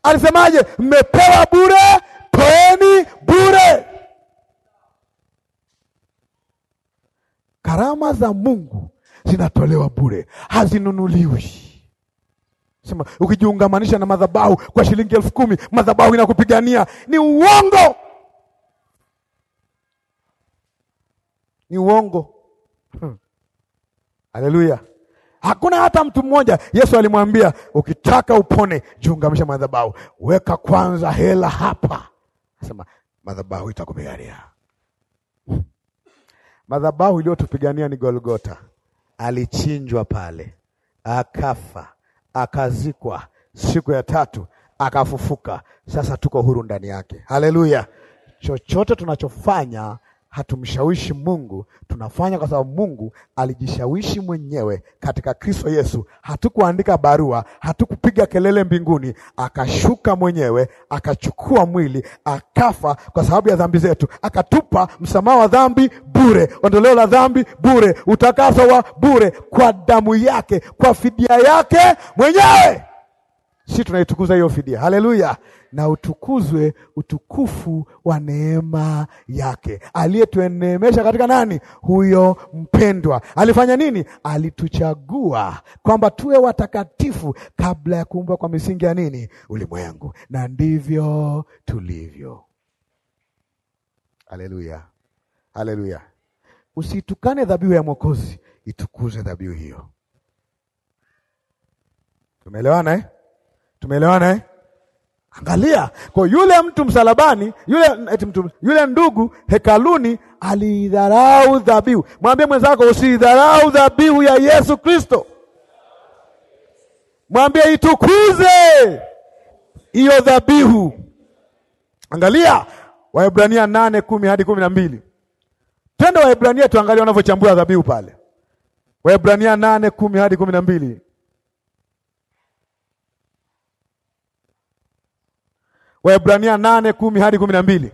Alisemaje? mmepewa bure, toeni bure. Karama za Mungu zinatolewa bure, hazinunuliwi. Sema ukijiungamanisha na madhabahu kwa shilingi elfu kumi madhabahu inakupigania ni uongo, ni uongo. Hmm. Haleluya! Hakuna hata mtu mmoja. Yesu alimwambia ukitaka upone, jiungamisha madhabahu, weka kwanza hela hapa, sema madhabahu itakupigania. Hmm. Madhabahu iliyotupigania ni Golgota alichinjwa pale, akafa, akazikwa, siku ya tatu akafufuka. Sasa tuko huru ndani yake. Haleluya! chochote tunachofanya hatumshawishi Mungu, tunafanya kwa sababu Mungu alijishawishi mwenyewe katika Kristo Yesu. Hatukuandika barua, hatukupiga kelele mbinguni, akashuka mwenyewe, akachukua mwili, akafa kwa sababu ya dhambi zetu, akatupa msamaha wa dhambi bure, ondoleo la dhambi bure, utakaso wa bure, kwa damu yake, kwa fidia yake mwenyewe. Sisi tunaitukuza hiyo fidia. Haleluya! Na utukuzwe utukufu wa neema yake, aliyetuneemesha katika nani? Huyo mpendwa. Alifanya nini? Alituchagua kwamba tuwe watakatifu kabla ya kuumbwa kwa misingi ya nini? Ulimwengu. Na ndivyo tulivyo. Haleluya, haleluya! Usitukane dhabihu ya Mwokozi, itukuze dhabihu hiyo. Tumeelewana eh? Tumeelewana eh? Angalia, kwa yule mtu msalabani, yule eti mtu, yule ndugu hekaluni alidharau dhabihu. Mwambie mwenzako usidharau dhabihu ya Yesu Kristo. Mwambie itukuze hiyo dhabihu. Angalia Waebrania nane kumi hadi kumi na mbili. Twende Waebrania tuangalie wanavyochambua dhabihu pale. Waebrania nane kumi hadi kumi na mbili. Waebrania nane kumi hadi kumi na mbili.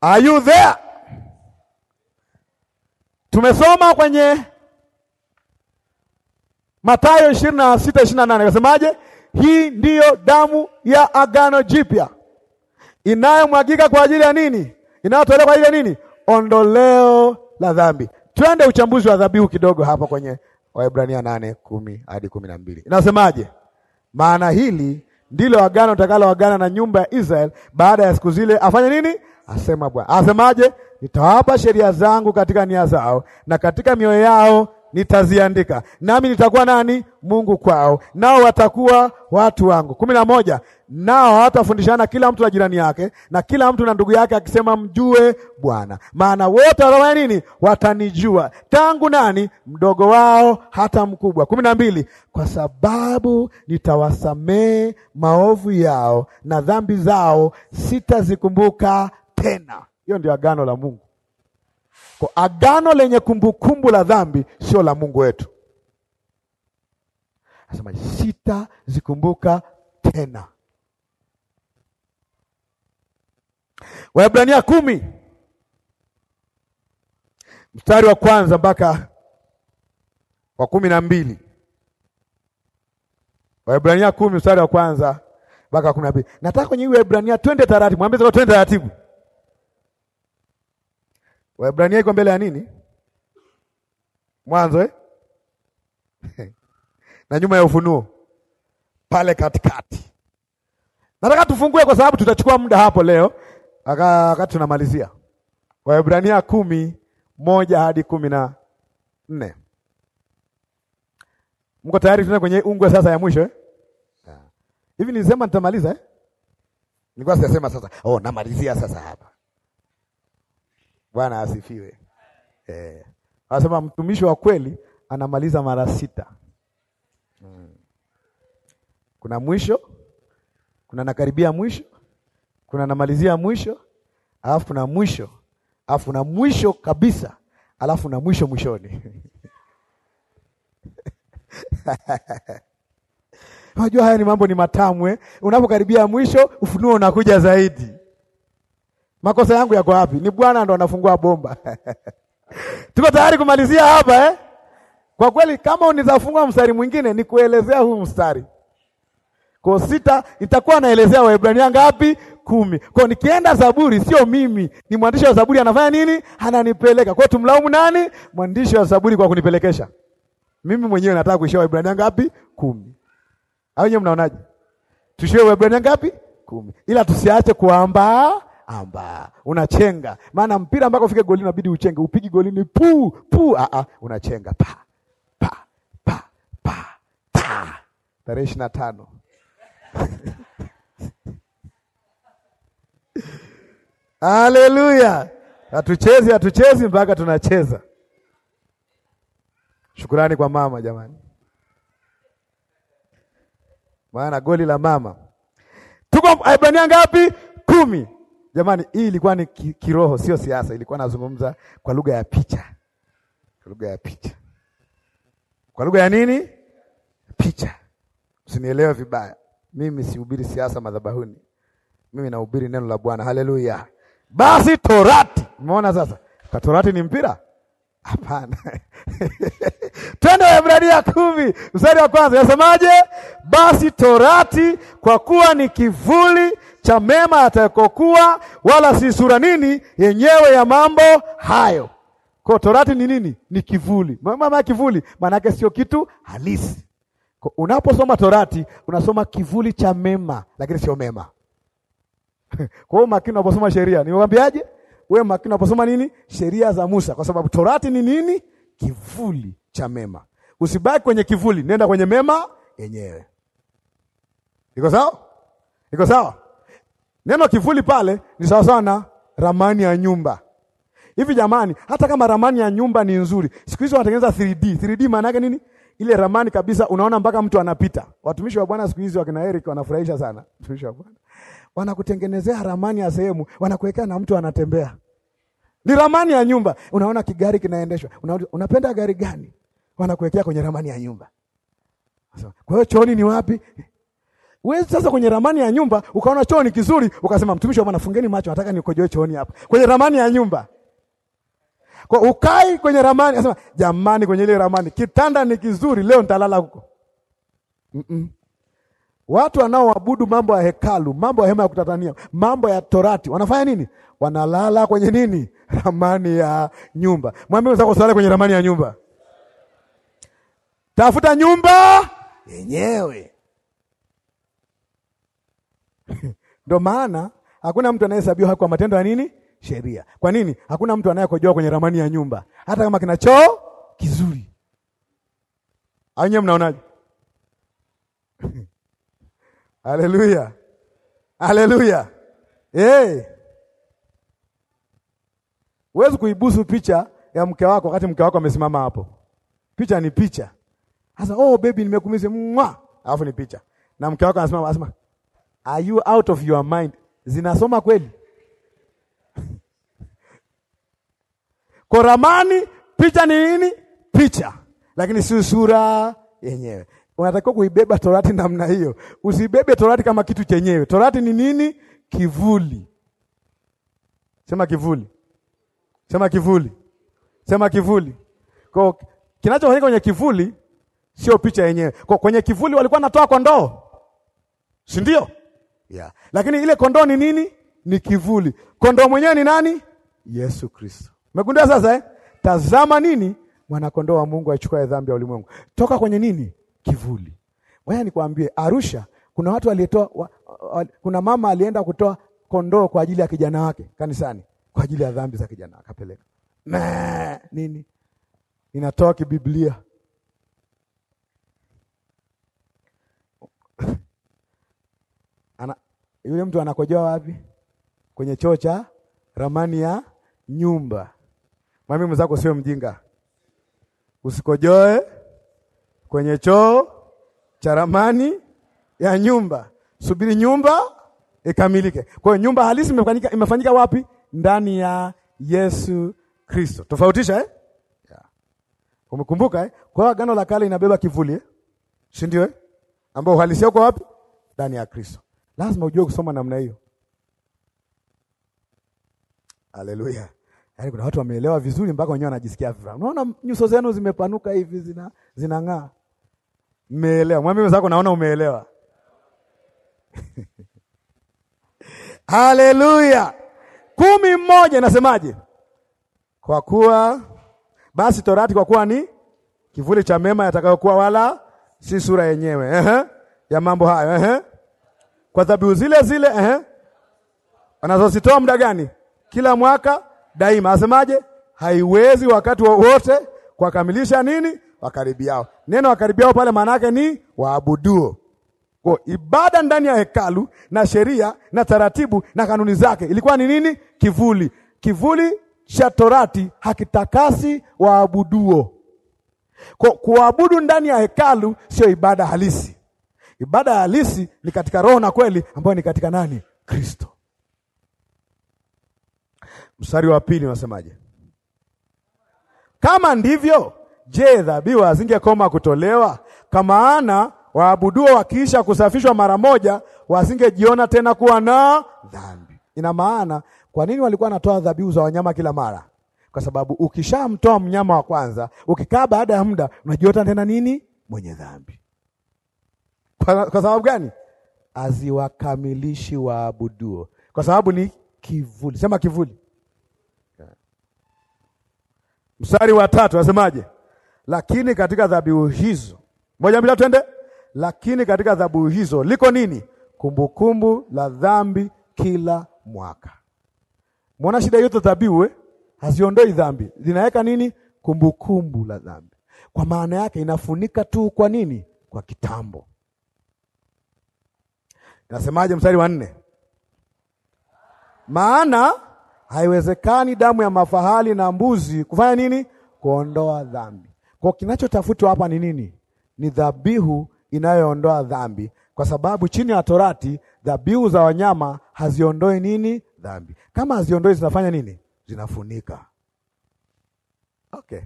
Are you there? Tumesoma kwenye Mathayo ishirini na sita ishirini na nane akasemaje? Hii ndiyo damu ya agano jipya inayomwagika kwa ajili ya nini? Inayotolewa kwa ajili ya nini? Ondoleo la dhambi. Twende uchambuzi wa dhabihu kidogo hapa kwenye Waebrania nane kumi hadi kumi na mbili inasemaje? Maana hili ndilo agano nitakaloagana na nyumba ya Israel baada ya siku zile, afanye nini? Asema Bwana. Asemaje? Nitawapa sheria zangu katika nia zao na katika mioyo yao nitaziandika, nami nitakuwa nani? Mungu kwao, nao watakuwa watu wangu. kumi na moja nao hawatafundishana kila mtu na jirani yake na kila mtu na ndugu yake, akisema mjue Bwana, maana wote watafanya nini? Watanijua, tangu nani? Mdogo wao hata mkubwa. kumi na mbili, kwa sababu nitawasamehe maovu yao na dhambi zao sitazikumbuka tena. Hiyo ndio agano la Mungu. Kwa agano lenye kumbukumbu kumbu la dhambi sio la Mungu wetu. Anasema sitazikumbuka tena. Waebrania kumi mstari wa kwanza mpaka wa kumi na mbili. Waebrania kumi mstari wa kwanza mpaka kumi na mbili. Nataka kwenye Waebrania twende taratibu, mwambie twende taratibu. Waebrania iko mbele ya nini? Mwanzo eh? na nyuma ya Ufunuo pale katikati. Nataka tufungue kwa sababu tutachukua muda hapo leo. Wakati tunamalizia Waebrania kumi moja hadi kumi na nne. Mko tayari? Tuna kwenye ungwe sasa ya mwisho eh? Ah. Hivi nilisema nitamaliza eh? Nilikuwa sijasema sasa. Oh, namalizia sasa hapa. Bwana asifiwe. Eh. Anasema mtumishi wa kweli anamaliza mara sita. Hmm. Kuna mwisho, kuna nakaribia mwisho, kuna namalizia mwisho, alafu na mwisho, alafu na mwisho kabisa, alafu na mwisho mwishoni. Unajua haya ni mambo ni eh? Unapokaribia mwisho, ufunuo unakuja zaidi. Makosa yangu yako wapi? Ni Bwana ndo anafungua bomba. Tuko tayari kumalizia hapa eh? Kwa kweli kama unizafunga mstari mwingine ni kuelezea huu mstari. Kwa sita itakuwa naelezea Waebrania ngapi? kumi. Kwa nikienda Zaburi, sio mimi, ni mwandishi wa Zaburi anafanya nini? Ananipeleka. Kwa tumlaumu nani? Mwandishi wa Zaburi kwa kunipelekesha mimi mwenyewe. Nataka kuishia Waebrania ngapi? Kumi. Hao wenyewe mnaonaje? Tushie Waebrania ngapi? Kumi, ila tusiache kuamba amba. Unachenga maana mpira mpaka ufike golini inabidi uchenge, upigi golini pu pu, a a, unachenga pa pa pa pa ta tarehe ishirini Haleluya! Hatuchezi, hatuchezi mpaka tunacheza. Shukurani kwa mama jamani, maana goli la mama. Tuko Ibrania eh, ngapi? Kumi. Jamani, hii ilikuwa ni kiroho, sio siasa. Ilikuwa nazungumza kwa lugha ya picha, kwa lugha ya picha, kwa lugha ya nini? Picha. Usinielewe vibaya, mimi sihubiri siasa madhabahuni mimi nahubiri neno la Bwana. Haleluya! Basi torati, umeona sasa, ka torati ni mpira? Hapana. Twende Waebrania kumi mstari wa kwanza, yasemaje? Basi torati kwa kuwa ni kivuli cha mema yatakokuwa, wala si sura nini yenyewe ya mambo hayo. Kwa torati ni nini? Ni kivuli. Mama kivuli maana yake sio kitu halisi. Unaposoma torati unasoma kivuli cha mema, lakini sio mema. Kwa hiyo makini unaposoma sheria. Nimekwambiaje? We makini unaposoma nini? Sheria za Musa kwa sababu Torati ni nini? Kivuli cha mema. Usibaki kwenye kivuli, nenda kwenye mema yenyewe. Iko sawa? Iko sawa? Neno kivuli pale ni sawa sawa na ramani ya nyumba. Hivi jamani, hata kama ramani ya nyumba ni nzuri, siku hizi wanatengeneza 3D. 3D maana yake nini? Ile ramani kabisa unaona mpaka mtu anapita. Watumishi wa Bwana siku hizi wakina Eric wanafurahisha sana. Watumishi wa Bwana wanakutengenezea ramani ya sehemu, wanakuwekea na mtu anatembea, ni ramani ya nyumba. Unaona kigari kinaendeshwa, una, unapenda gari gani? Wanakuwekea kwenye ramani ya nyumba. Kwa hiyo chooni ni wapi? Wewe sasa kwenye ramani ya nyumba ukaona choo ni kizuri, ukasema mtumishi wa Bwana, fungeni macho, nataka nikojoe chooni hapa, kwenye ramani ya nyumba. Kwa ukai kwenye ramani, akasema jamani, kwenye ile ramani kitanda ni kizuri, leo nitalala huko. Mm -mm. Watu wanaoabudu mambo ya hekalu, mambo ya hema ya kutatania, mambo ya torati, wanafanya nini? Wanalala kwenye nini? Ramani ya nyumba. Mwambie wenzako usilale kwenye ramani ya nyumba, tafuta nyumba yenyewe. Ndo maana hakuna mtu anayehesabiwa kwa matendo ya nini sheria. Kwa nini? Hakuna mtu anayekojoa kwenye ramani ya nyumba, hata kama kina kizuri. Anyewe mnaonaje? Haleluya, haleluya. Hey. Huwezi kuibusu picha ya mke wako wakati mke wako amesimama hapo. Picha ni picha. Sasa oh baby, nimekumiza mwa, alafu ni picha na mke wako anasema, anasema are you out of your mind? Zinasoma kweli? Koramani picha ni nini? Picha, lakini si sura yenyewe unatakiwa kuibeba torati namna hiyo. Usibebe torati kama kitu chenyewe. Torati ni nini? Kivuli. Sema kivuli, sema kivuli, sema kivuli. Kwa kinachofanyika kwenye kivuli sio picha yenyewe. Kwa kwenye kivuli walikuwa natoa kondoo, si ndio? Yeah. Lakini ile kondoo ni nini? Ni kivuli. Kondoo mwenyewe ni nani? Yesu Kristo. Umegundua sasa eh? Tazama nini? Mwanakondoo wa Mungu aichukae dhambi ya ulimwengu. Toka kwenye nini? kivuli. Ngoja nikwambie, Arusha kuna watu walitoa wa, wa, kuna mama alienda kutoa kondoo kwa ajili ya kijana wake kanisani kwa ajili ya dhambi za kijana akapeleka. Nini inatoa kibiblia Ana, yule mtu anakojoa wapi? Kwenye choo cha ramani ya nyumba. Mwami mwenzako sio mjinga, usikojoe kwenye choo cha ramani ya nyumba. Subiri nyumba ikamilike. Kwa hiyo nyumba halisi imefanyika, imefanyika wapi? Ndani ya Yesu Kristo. Tofautisha eh? Yeah. Umekumbuka eh? Kwa hiyo agano la kale inabeba kivuli eh? Si ndio eh? Ambao uhalisia uko wapi? Ndani ya Kristo. Lazima ujue kusoma namna hiyo. Haleluya. Yaani kuna watu wameelewa vizuri mpaka wenyewe wanajisikia furaha. Unaona nyuso zenu zimepanuka hivi zina zinang'aa. Mmeelewa? Mwambie mwenzako naona umeelewa. Haleluya. Kumi mmoja inasemaje? Kwa kuwa basi torati kwa kuwa ni kivuli cha mema yatakayokuwa, wala si sura yenyewe ehe, ya mambo hayo ehe, kwa dhabihu zile zile ehe, wanazozitoa muda gani? Kila mwaka daima. Asemaje? haiwezi wakati wowote kuwakamilisha nini? wakaribiao. Neno wakaribiao pale maana yake ni waabuduo. Kwa ibada ndani ya hekalu na sheria na taratibu na kanuni zake ilikuwa ni nini? Kivuli. Kivuli cha torati hakitakasi waabuduo. Kwa kuabudu ndani ya hekalu sio ibada halisi. Ibada ya halisi ni katika roho na kweli, ambayo ni katika nani? Kristo. Mstari wa pili unasemaje? Kama ndivyo Je, dhabihu hazingekoma kutolewa? Kama ana waabuduo wakiisha kusafishwa mara moja, wasingejiona tena kuwa na dhambi. Ina maana kwa nini walikuwa wanatoa dhabihu za wanyama kila mara? Kwa sababu ukishamtoa mnyama wa kwanza, ukikaa baada ya muda unajiota tena nini? Mwenye dhambi. Kwa, kwa sababu gani? Aziwakamilishi waabuduo, kwa sababu ni kivuli. Sema kivuli. Mstari wa tatu, asemaje? Lakini katika dhabihu hizo moja mbili twende, lakini katika dhabihu hizo liko nini? Kumbukumbu kumbu la dhambi kila mwaka. Mwona shida yote dhabihu eh? haziondoi dhambi, zinaweka nini? Kumbukumbu kumbu la dhambi, kwa maana yake inafunika tu. Kwa nini? Kwa kitambo. nasemaje mstari wa nne? Maana haiwezekani damu ya mafahali na mbuzi kufanya nini? Kuondoa dhambi. Kwa kinachotafutwa hapa ni nini? Ni dhabihu inayoondoa dhambi, kwa sababu chini ya Torati dhabihu za wanyama haziondoi nini? Dhambi. Kama haziondoi zinafanya nini? Zinafunika. Okay.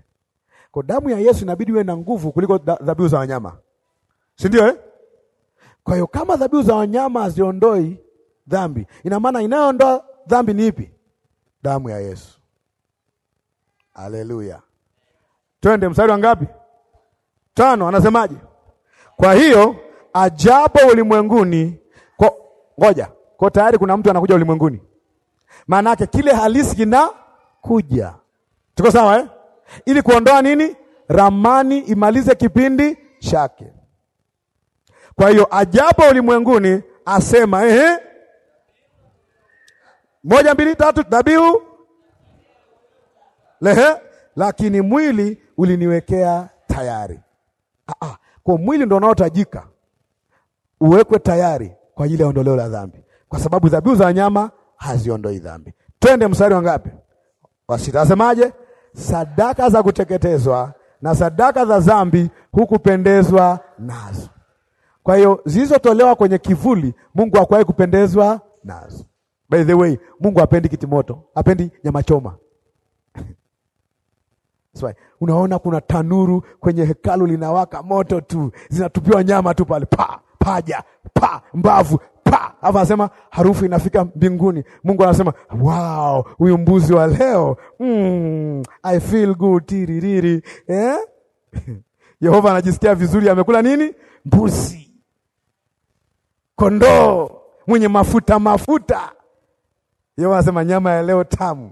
Kwa damu ya Yesu inabidi iwe na nguvu kuliko dhabihu za wanyama, si ndio eh? Kwa hiyo kama dhabihu za wanyama haziondoi dhambi, ina maana inayoondoa dhambi ni ipi? Damu ya Yesu. Haleluya. Twende mstari wa ngapi? Tano, anasemaje? Kwa hiyo ajapo ulimwenguni kwa ngoja, kwa tayari kuna mtu anakuja ulimwenguni, maana yake kile halisi kinakuja. Tuko sawa eh? Ili kuondoa nini? Ramani imalize kipindi chake. Kwa hiyo ajapo ulimwenguni asema eh? moja mbili tatu, dhabihu lehe, lakini mwili uliniwekea tayari. Ah, ah. kwa mwili ndio unaotajika uwekwe tayari kwa ajili ya ondoleo la dhambi, kwa sababu dhabihu za wanyama haziondoi dhambi. Twende mstari wangapi? Wasitasemaje? sadaka za kuteketezwa na sadaka za dhambi hukupendezwa nazo. Kwa hiyo zilizotolewa kwenye kivuli Mungu hakuwahi kupendezwa nazo. By the way, Mungu hapendi kitimoto, hapendi nyama choma. That's why. Unaona kuna tanuru kwenye hekalu linawaka moto tu, zinatupiwa nyama tu pale, pa paja pa mbavu pa hapo, anasema harufu inafika mbinguni. Mungu anasema wow, huyu mbuzi wa leo mm, I feel good tiririri eh? Yehova anajisikia vizuri, amekula nini? Mbuzi, kondoo mwenye mafuta mafuta. Yehova anasema nyama ya leo tamu.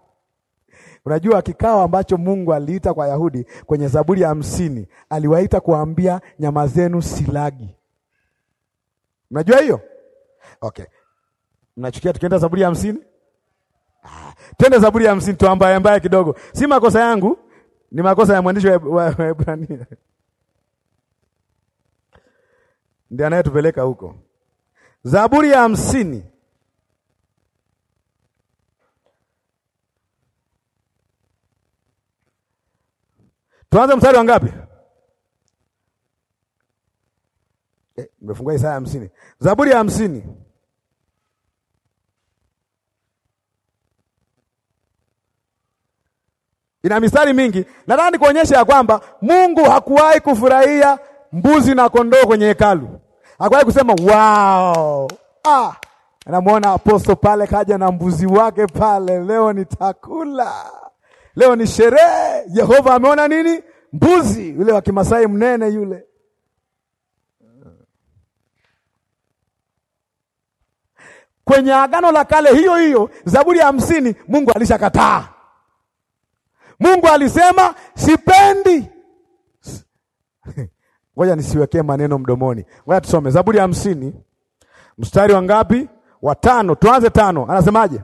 Unajua kikao ambacho Mungu aliita kwa Yahudi kwenye Zaburi ya hamsini aliwaita kuambia nyama zenu silagi. Unajua hiyo? Okay. Mnachukia tukienda Zaburi ya hamsini? Ah, twende Zaburi ya hamsini tuambaye mbaya kidogo. Si makosa yangu, ni makosa ya mwandishi wa Waebrania. Ndiye anayetupeleka huko. Zaburi ya hamsini Tuanze mstari wa ngapi? Eh, nimefungua Isaya hamsini. Zaburi ya hamsini. Ina mistari mingi. Nataka nikuonyeshe ya kwamba Mungu hakuwahi kufurahia mbuzi na kondoo kwenye hekalu. Hakuwahi kusema wow. Ah, anamwona apostol pale kaja na mbuzi wake pale, leo nitakula. Leo ni sherehe. Yehova ameona nini? Mbuzi yule wa Kimasai mnene yule. Kwenye agano la kale hiyo hiyo Zaburi ya hamsini, Mungu alishakataa. Mungu alisema sipendi. Ngoja nisiwekee maneno mdomoni. Ngoja tusome Zaburi ya hamsini mstari wa ngapi? Wa tano. Tuanze tano, anasemaje?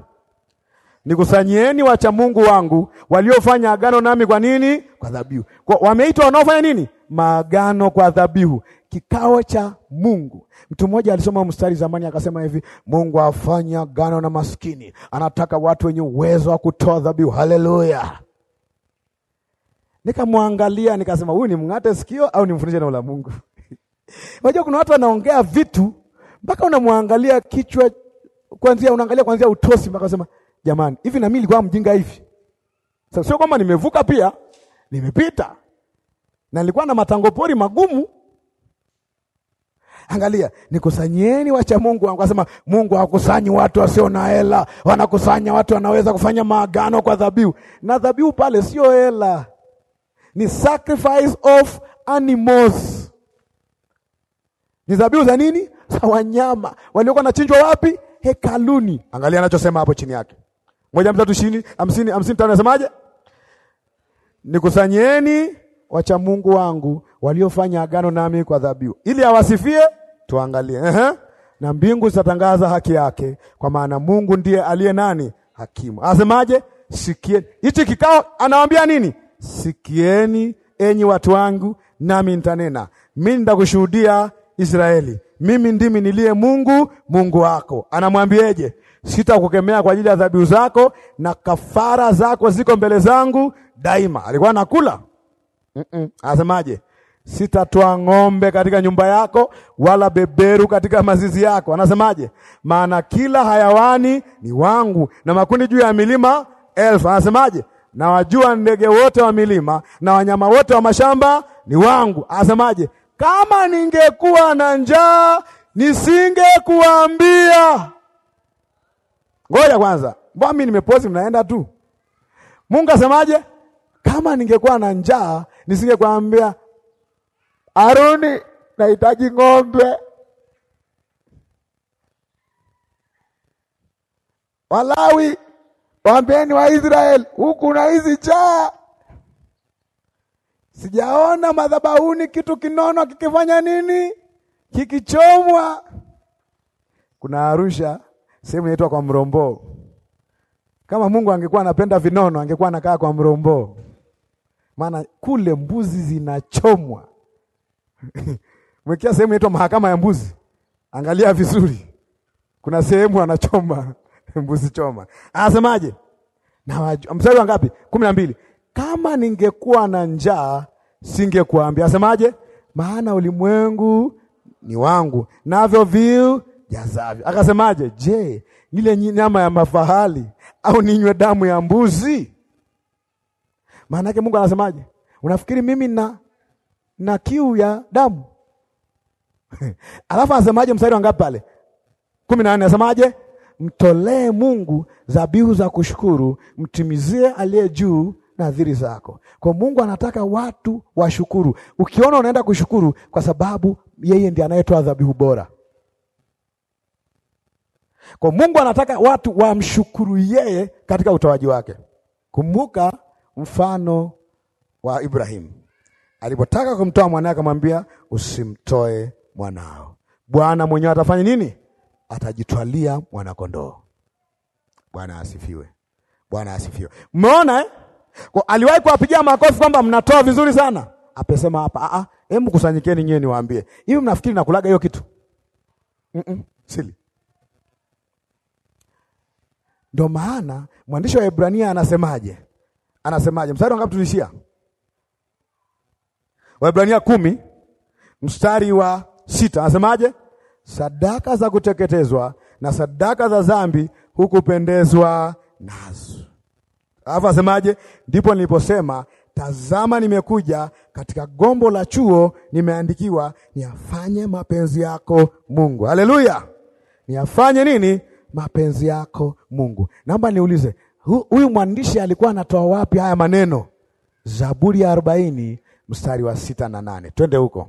nikusanyieni wacha Mungu wangu waliofanya agano nami kwa nini? Kwa dhabihu. Kwa wameitwa wanaofanya nini? Maagano kwa dhabihu, kikao cha Mungu. Mtu mmoja alisoma mstari zamani akasema hivi, Mungu afanya agano na maskini, anataka watu wenye uwezo wa kutoa dhabihu. Haleluya! Nikamwangalia nikasema, huyu ni mng'ate sikio au ni nimfundishe neno la Mungu? Unajua kuna watu wanaongea vitu mpaka unamwangalia kichwa kwanzia, unaangalia kwanzia utosi mpaka unasema Jamani, hivi na mimi nilikuwa mjinga hivi? Sasa sio kwamba nimevuka, pia nimepita, na nilikuwa na matangopori magumu. Angalia, nikusanyieni wacha Mungu wangu. Asema Mungu hakusanyi watu wasio na hela, wanakusanya watu wanaweza kufanya maagano kwa dhabihu, na dhabihu pale sio hela, ni sacrifice of animals, ni dhabihu za nini? Za wanyama waliokuwa nachinjwa wapi? Hekaluni. Angalia anachosema hapo chini yake moja mtatu shini hamsini hamsini tano nasemaje? Nikusanyeni wacha Mungu wangu waliofanya agano nami kwa dhabihu, ili awasifie tuangalie. Ehe, na mbingu zitatangaza haki yake, kwa maana Mungu ndiye aliye nani hakimu. Asemaje? Sikieni hichi kikao, anawaambia nini? Sikieni enyi watu wangu, nami nitanena, mimi nitakushuhudia Israeli, mimi ndimi niliye Mungu Mungu wako. Anamwambieje? Sitakukemea kwa ajili ya dhabihu zako na kafara zako ziko mbele zangu daima. Alikuwa anakula mm -mm. Anasemaje? Sitatoa ng'ombe katika nyumba yako wala beberu katika mazizi yako. Anasemaje? Maana kila hayawani ni wangu na makundi juu ya milima elfu. Anasemaje? Na wajua ndege wote wa milima na wanyama wote wa mashamba ni wangu. Anasemaje? Kama ningekuwa na njaa nisingekuambia Ngoja kwanza, mbona mimi nimepozi mnaenda tu? Mungu asemaje? Kama ningekuwa na njaa nisingekwambia Aruni, nahitaji ng'ombe. Walawi, waambieni Waisraeli, huku na hizi njaa sijaona madhabahuni kitu kinono kikifanya nini, kikichomwa. Kuna Arusha sehemu inaitwa kwa mrombo. Kama Mungu angekuwa anapenda vinono, angekuwa anakaa kwa mrombo, maana kule mbuzi zinachomwa mwekea sehemu inaitwa mahakama ya mbuzi. Angalia vizuri, kuna sehemu anachoma mbuzi choma. Anasemaje? Na mstari wa ngapi? kumi na mbili. Kama ningekuwa na njaa singekuambia. Asemaje? Maana ulimwengu ni wangu, navyo viu jazavyo. Akasemaje? Je, nile nyama ya mafahali au ninywe damu ya mbuzi? Maana yake Mungu anasemaje? Unafikiri mimi na na kiu ya damu? Alafu anasemaje mstari wangapi pale? kumi na nne anasemaje? Mtolee Mungu dhabihu za kushukuru, mtimizie aliye juu nadhiri zako. Kwa Mungu anataka watu washukuru. Ukiona unaenda kushukuru, kwa sababu yeye ndiye anayetoa dhabihu bora. Kwa Mungu anataka watu wamshukuru yeye katika utoaji wake. Kumbuka mfano wa Ibrahimu alipotaka kumtoa mwanae, akamwambia usimtoe mwanao, Bwana mwenyewe atafanya nini? Atajitwalia mwanakondoo. Bwana asifiwe, Bwana asifiwe. Mmeona eh? aliwahi kuwapigia makofi kwamba mnatoa vizuri sana, apesema hapa, a ah, a, ah, hebu kusanyikeni nyewe niwaambie hivi, mnafikiri nakulaga hiyo kitu? mm -mm, sili ndio maana mwandishi wa Ibrania anasemaje? Anasemaje? mstari wangapi tulishia? Waibrania kumi mstari wa sita anasemaje? Sadaka za kuteketezwa na sadaka za dhambi hukupendezwa nazo. Alafu asemaje? Ndipo niliposema tazama, nimekuja katika gombo la chuo, nimeandikiwa niafanye mapenzi yako Mungu. Haleluya! niafanye nini? mapenzi yako Mungu. Naomba niulize, huyu mwandishi alikuwa anatoa wapi haya maneno? Zaburi ya arobaini mstari wa sita na nane. Twende huko.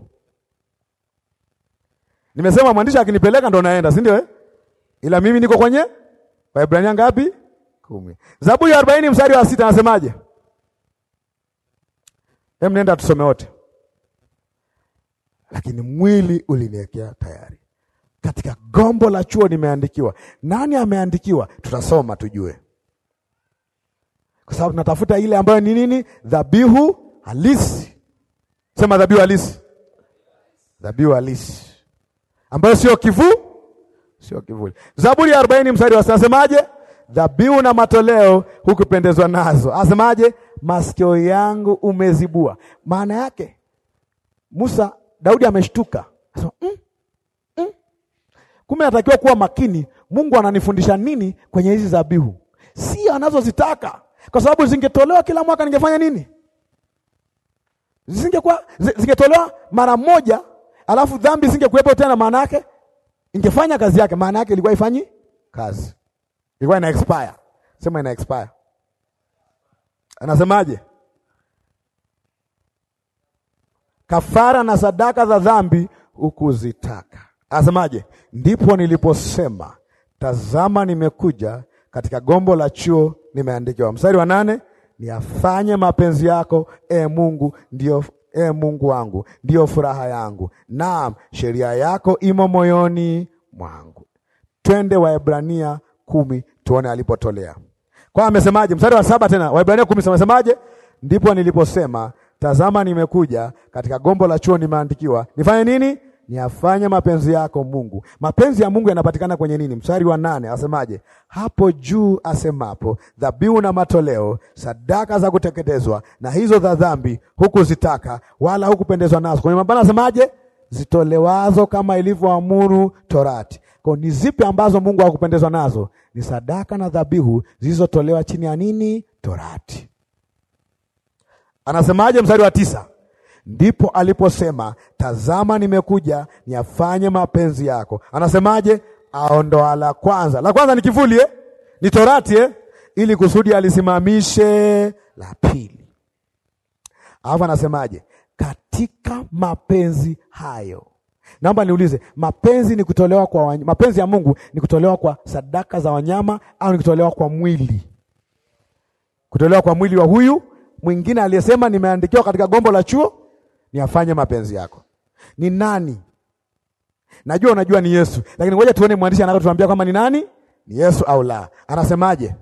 Nimesema mwandishi akinipeleka ndo naenda, si ndio eh? Ila mimi niko kwenye Waebrania ngapi? Kumi. Zaburi ya arobaini mstari wa sita anasemaje? Hem, nenda tusome wote. Lakini mwili uliniwekea tayari katika gombo la chuo nimeandikiwa. Nani ameandikiwa? Tutasoma tujue, kwa sababu tunatafuta ile ambayo ni nini? Dhabihu halisi. Sema dhabihu halisi, dhabihu halisi ambayo sio kivu, sio kivuli. Zaburi ya arobaini mstari wa nasemaje? Dhabihu na matoleo hukupendezwa nazo. Asemaje? masikio yangu umezibua. Maana yake Musa, Daudi ameshtuka, asema mm. Kumbe natakiwa kuwa makini, Mungu ananifundisha nini kwenye hizi zabihu, si anazozitaka, kwa sababu zingetolewa kila mwaka ningefanya nini? Zingekuwa zingetolewa mara moja, alafu dhambi zingekuwepo tena, maana yake ingefanya kazi yake, maana yake ilikuwa ifanyi kazi, ilikuwa ina expire. Sema ina expire, anasemaje? Kafara na sadaka za dhambi hukuzitaka Asemaje? Ndipo niliposema tazama, nimekuja katika gombo la chuo nimeandikiwa. Mstari wa nane, niafanye mapenzi yako e Mungu, ndio e Mungu wangu, ndio furaha yangu, naam, sheria yako imo moyoni mwangu. Twende Waebrania kumi tuone alipotolea kwa, amesemaje? Mstari wa saba tena, Waebrania kumi amesemaje? Ndipo niliposema tazama, nimekuja katika gombo la chuo nimeandikiwa, nifanye nini? ni afanye mapenzi yako Mungu. Mapenzi ya Mungu yanapatikana kwenye nini? Mstari wa nane asemaje? Hapo juu asemapo, dhabihu na matoleo, sadaka za kuteketezwa na hizo za dhambi hukuzitaka, wala hukupendezwa nazo. Kwenye mabana asemaje? Zitolewazo kama ilivyoamuru Torati. Kwa ni zipi ambazo Mungu hakupendezwa nazo? Ni sadaka na dhabihu zilizotolewa chini ya nini? Torati. Anasemaje mstari wa tisa? Ndipo aliposema, tazama, nimekuja niafanye mapenzi yako. Anasemaje? Aondoa la kwanza. La kwanza ni kivuli eh? Ni torati eh? ili kusudi alisimamishe la pili. Alafu anasemaje? Katika mapenzi hayo Naomba niulize, mapenzi ni kutolewa kwa wany... mapenzi ya Mungu ni kutolewa kwa sadaka za wanyama au ni kutolewa kwa mwili? Kutolewa kwa mwili wa huyu mwingine aliyesema nimeandikiwa katika gombo la chuo niafanye mapenzi yako. Ni nani? Najua unajua ni Yesu, lakini ngoja tuone mwandishi anakotuambia kwamba ni nani, ni Yesu au la. Anasemaje?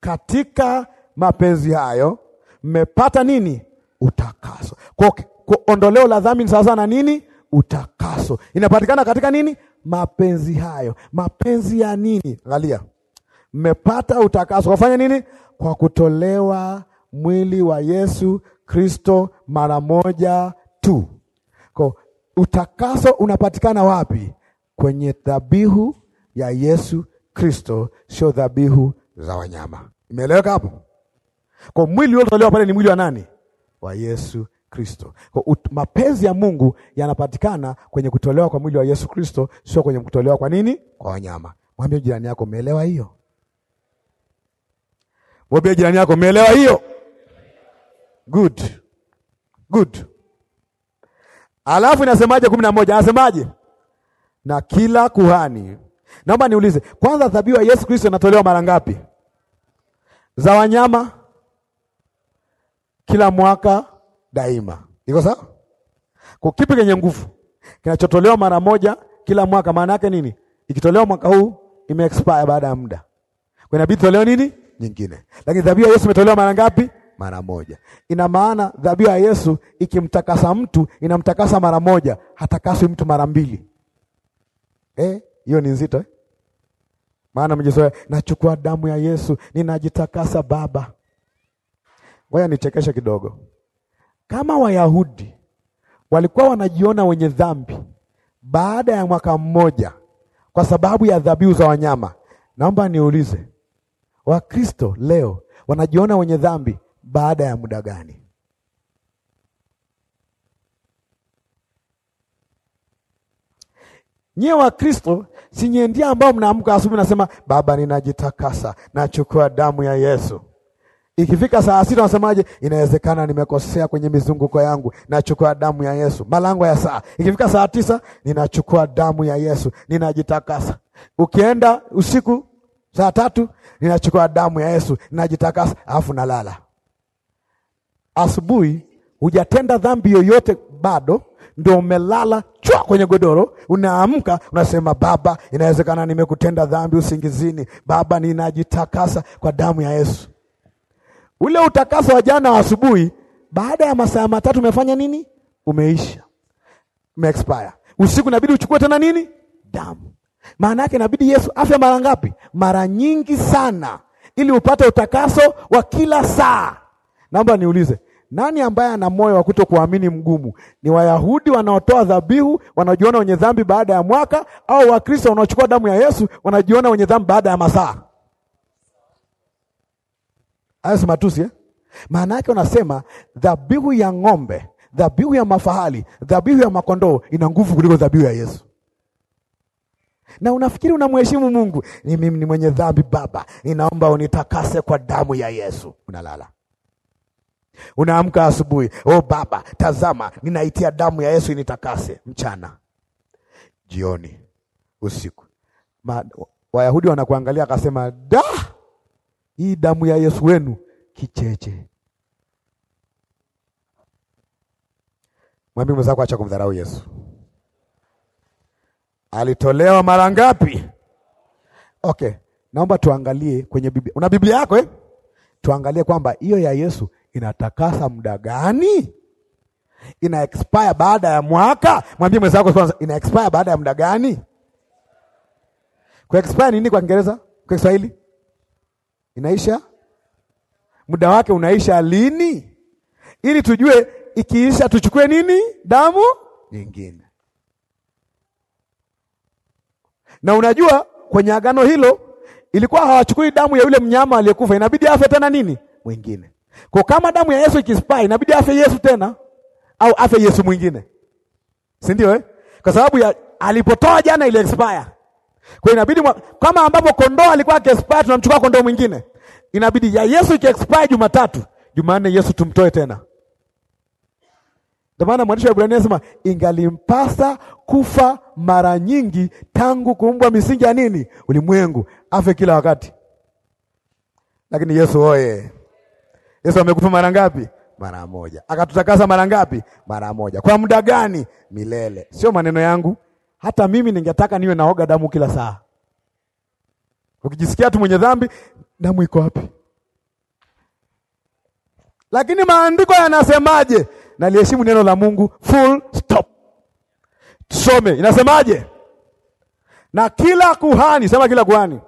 Katika mapenzi hayo mmepata nini? Utakaso. Kwa ondoleo la dhambi ni sawasawa na nini? Utakaso. Inapatikana katika nini? Mapenzi hayo. Mapenzi ya nini? Angalia, mmepata utakaso. Kufanya nini? Kwa kutolewa mwili wa Yesu Kristo mara moja tu. Kwa utakaso unapatikana wapi? Kwenye dhabihu ya Yesu Kristo, sio dhabihu za wanyama. Imeeleweka hapo? Kwa mwili uliotolewa pale ni mwili wa nani? Wa Yesu Kristo. Kwa mapenzi ya Mungu yanapatikana kwenye kutolewa kwa mwili wa Yesu Kristo, sio kwenye kutolewa kwa nini? Kwa wanyama. Mwambie jirani yako umeelewa hiyo? Mwambie jirani yako umeelewa hiyo? Good. Good. Alafu inasemaje kumi na moja? Anasemaje? Na kila kuhani. Naomba niulize kwanza, dhabihu ya Yesu Kristo inatolewa mara ngapi? Za wanyama kila mwaka daima, iko sawa? Kwa kipi kenye nguvu kinachotolewa mara moja kila mwaka? Maana yake nini? Ikitolewa mwaka huu ime expire baada ya muda, kwa inabidi tolewa nini nyingine. Lakini dhabihu ya Yesu imetolewa mara ngapi? mara moja. Ina maana dhabihu ya Yesu ikimtakasa mtu inamtakasa mara moja, hatakaswi mtu mara mbili. Eh, hiyo ni nzito eh? Maana mjisoe, nachukua damu ya Yesu ninajitakasa Baba. Ngoja nichekeshe kidogo. Kama Wayahudi walikuwa wanajiona wenye dhambi baada ya mwaka mmoja kwa sababu ya dhabihu za wanyama, naomba niulize, Wakristo leo wanajiona wenye dhambi baada ya muda gani? Nyie wa Kristo si nyie ndio ambao mnaamka asubuhi nasema Baba, ninajitakasa nachukua damu ya Yesu. Ikifika saa sita unasemaje? Inawezekana nimekosea kwenye mizunguko yangu, nachukua damu ya Yesu. Malango ya saa, ikifika saa tisa ninachukua damu ya Yesu, ninajitakasa. Ukienda usiku saa tatu, ninachukua damu ya Yesu, ninajitakasa, alafu nalala asubuhi, hujatenda dhambi yoyote bado, ndio umelala chwa kwenye godoro, unaamka unasema, Baba, inawezekana nimekutenda dhambi usingizini. Baba, ninajitakasa kwa damu ya Yesu. Ule utakaso wa jana wa asubuhi, baada ya masaa matatu umefanya nini? Umeisha, umeexpire. Usiku inabidi uchukue tena nini? Damu. Maana yake inabidi Yesu afya mara ngapi? Mara nyingi sana, ili upate utakaso wa kila saa. Naomba niulize, nani ambaye ana moyo wa kutokuamini mgumu? Ni Wayahudi wanaotoa dhabihu wanajiona wenye dhambi baada ya mwaka, au Wakristo wanaochukua damu ya Yesu wanajiona wenye dhambi baada ya masaa? Hayo si matusi eh? Maana yake wanasema dhabihu ya ng'ombe, dhabihu ya mafahali, dhabihu ya makondoo ina nguvu kuliko dhabihu ya Yesu. Na unafikiri unamheshimu Mungu? Ni mimi ni mwenye dhambi Baba, ninaomba unitakase kwa damu ya Yesu. Unalala. Unaamka asubuhi, oh Baba, tazama, ninaitia damu ya Yesu initakase. Mchana, jioni, usiku, Ma, Wayahudi wanakuangalia, akasema da, hii damu ya Yesu wenu kicheche. Mwambi mwenzako, acha kumdharau Yesu. Alitolewa mara ngapi? Okay, naomba tuangalie kwenye Biblia. Una Biblia yako eh? Tuangalie kwamba hiyo ya Yesu inatakasa muda gani? Ina expire baada ya mwaka? Mwambie mwenzako kwanza, ina expire baada ya muda gani? Kwa expire nini kwa Kiingereza? Kwa Kiswahili inaisha muda wake unaisha lini, ili tujue ikiisha tuchukue nini? Damu nyingine. Na unajua kwenye agano hilo ilikuwa hawachukui damu ya yule mnyama aliyekufa, inabidi afe tena nini mwingine. Kwa kama damu ya Yesu ikispa, inabidi afe Yesu tena au afe Yesu mwingine. Si ndio eh? Kwa sababu ya alipotoa jana ile expire. Kwa inabidi mwa, kama ambapo kondoo alikuwa expire tunamchukua kondoo mwingine. Inabidi ya Yesu ikiexpire Jumatatu, Jumanne Yesu tumtoe tena. Ndio maana mwandishi wa Ibrania anasema ingalimpasa kufa mara nyingi tangu kuumbwa misingi ya nini? Ulimwengu, afe kila wakati. Lakini Yesu oye. Yesu amekufa mara ngapi? Mara moja. Akatutakasa mara ngapi? Mara moja. Kwa muda gani? Milele. Sio maneno yangu. Hata mimi ningetaka niwe naoga damu kila saa. Ukijisikia tu mwenye dhambi, damu iko wapi? Lakini maandiko yanasemaje? Naliheshimu neno la Mungu, full stop. Tusome inasemaje? Na kila kuhani, sema kila kuhani,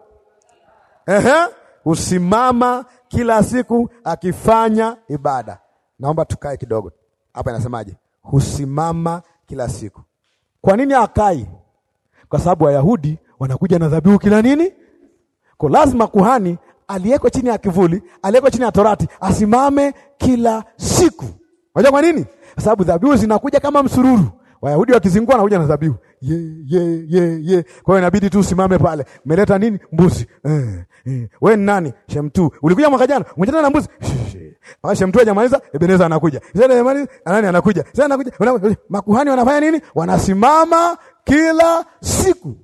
ehe, usimama kila siku akifanya ibada. Naomba tukae kidogo hapa. Inasemaje? Husimama kila siku. Kwa nini akai? Kwa sababu Wayahudi wanakuja na dhabihu kila nini, kwa lazima kuhani aliyeko chini ya kivuli, aliyeko chini ya torati asimame kila siku. Unajua kwa nini? Kwa sababu dhabihu zinakuja kama msururu. Wayahudi wakizingua wanakuja na dhabihu, ye, ye, ye, ye. Kwa hiyo inabidi tu usimame pale. Umeleta nini? Mbuzi. Eh, eh. Wewe ni nani? Shemtu. Ulikuja mwaka jana, umetana na mbuzi. Ah, Shemtu hajamaliza, Ebeneza anakuja. Sasa jamani, ah, nani anakuja? Sasa anakuja. Eh, makuhani wanafanya nini? Wanasimama kila siku.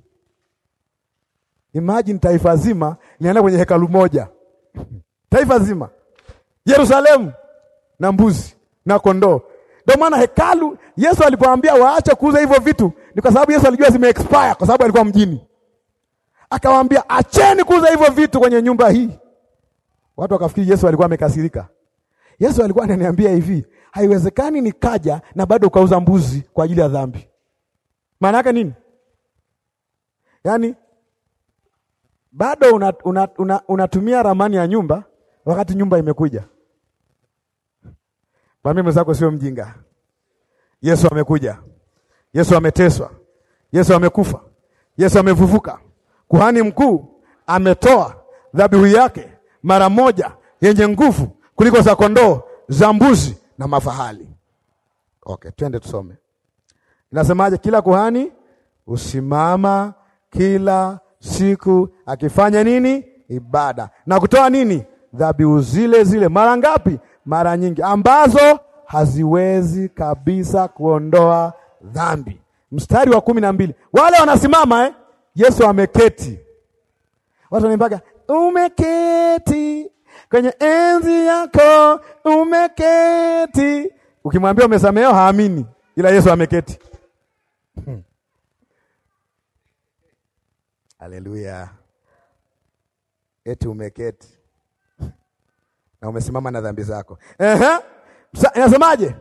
Imagine taifa zima linaenda kwenye hekalu moja. Taifa zima. Yerusalemu na mbuzi na kondoo. Ndio maana hekalu Yesu alipoambia waache kuuza hivyo vitu, ni kwa sababu Yesu alijua zimeexpire, kwa sababu alikuwa mjini. Akawaambia, acheni kuuza hivyo vitu kwenye nyumba hii. Watu wakafikiri Yesu alikuwa amekasirika. Yesu alikuwa ananiambia hivi, haiwezekani nikaja na bado ukauza mbuzi kwa ajili ya dhambi. Maana yake nini? Yaani bado unatumia una, una, una ramani ya nyumba wakati nyumba imekuja. Mwambie mwenzako sio mjinga. Yesu amekuja. Yesu ameteswa, Yesu amekufa, Yesu amevuvuka. Kuhani mkuu ametoa dhabihu yake mara moja yenye nguvu kuliko za kondoo, za mbuzi na mafahali. Okay, twende tusome inasemaje. Kila kuhani usimama kila siku akifanya nini? Ibada na kutoa nini? Dhabihu zile zile. Mara ngapi? Mara nyingi, ambazo haziwezi kabisa kuondoa dhambi. Mstari wa kumi na mbili wale wanasimama eh? Yesu ameketi. Watu wanaimbaga umeketi kwenye enzi yako, umeketi. Ukimwambia umesamehewa haamini, ila Yesu ameketi. hmm. Haleluya! Eti umeketi na umesimama na dhambi zako. Ehe, inasemaje?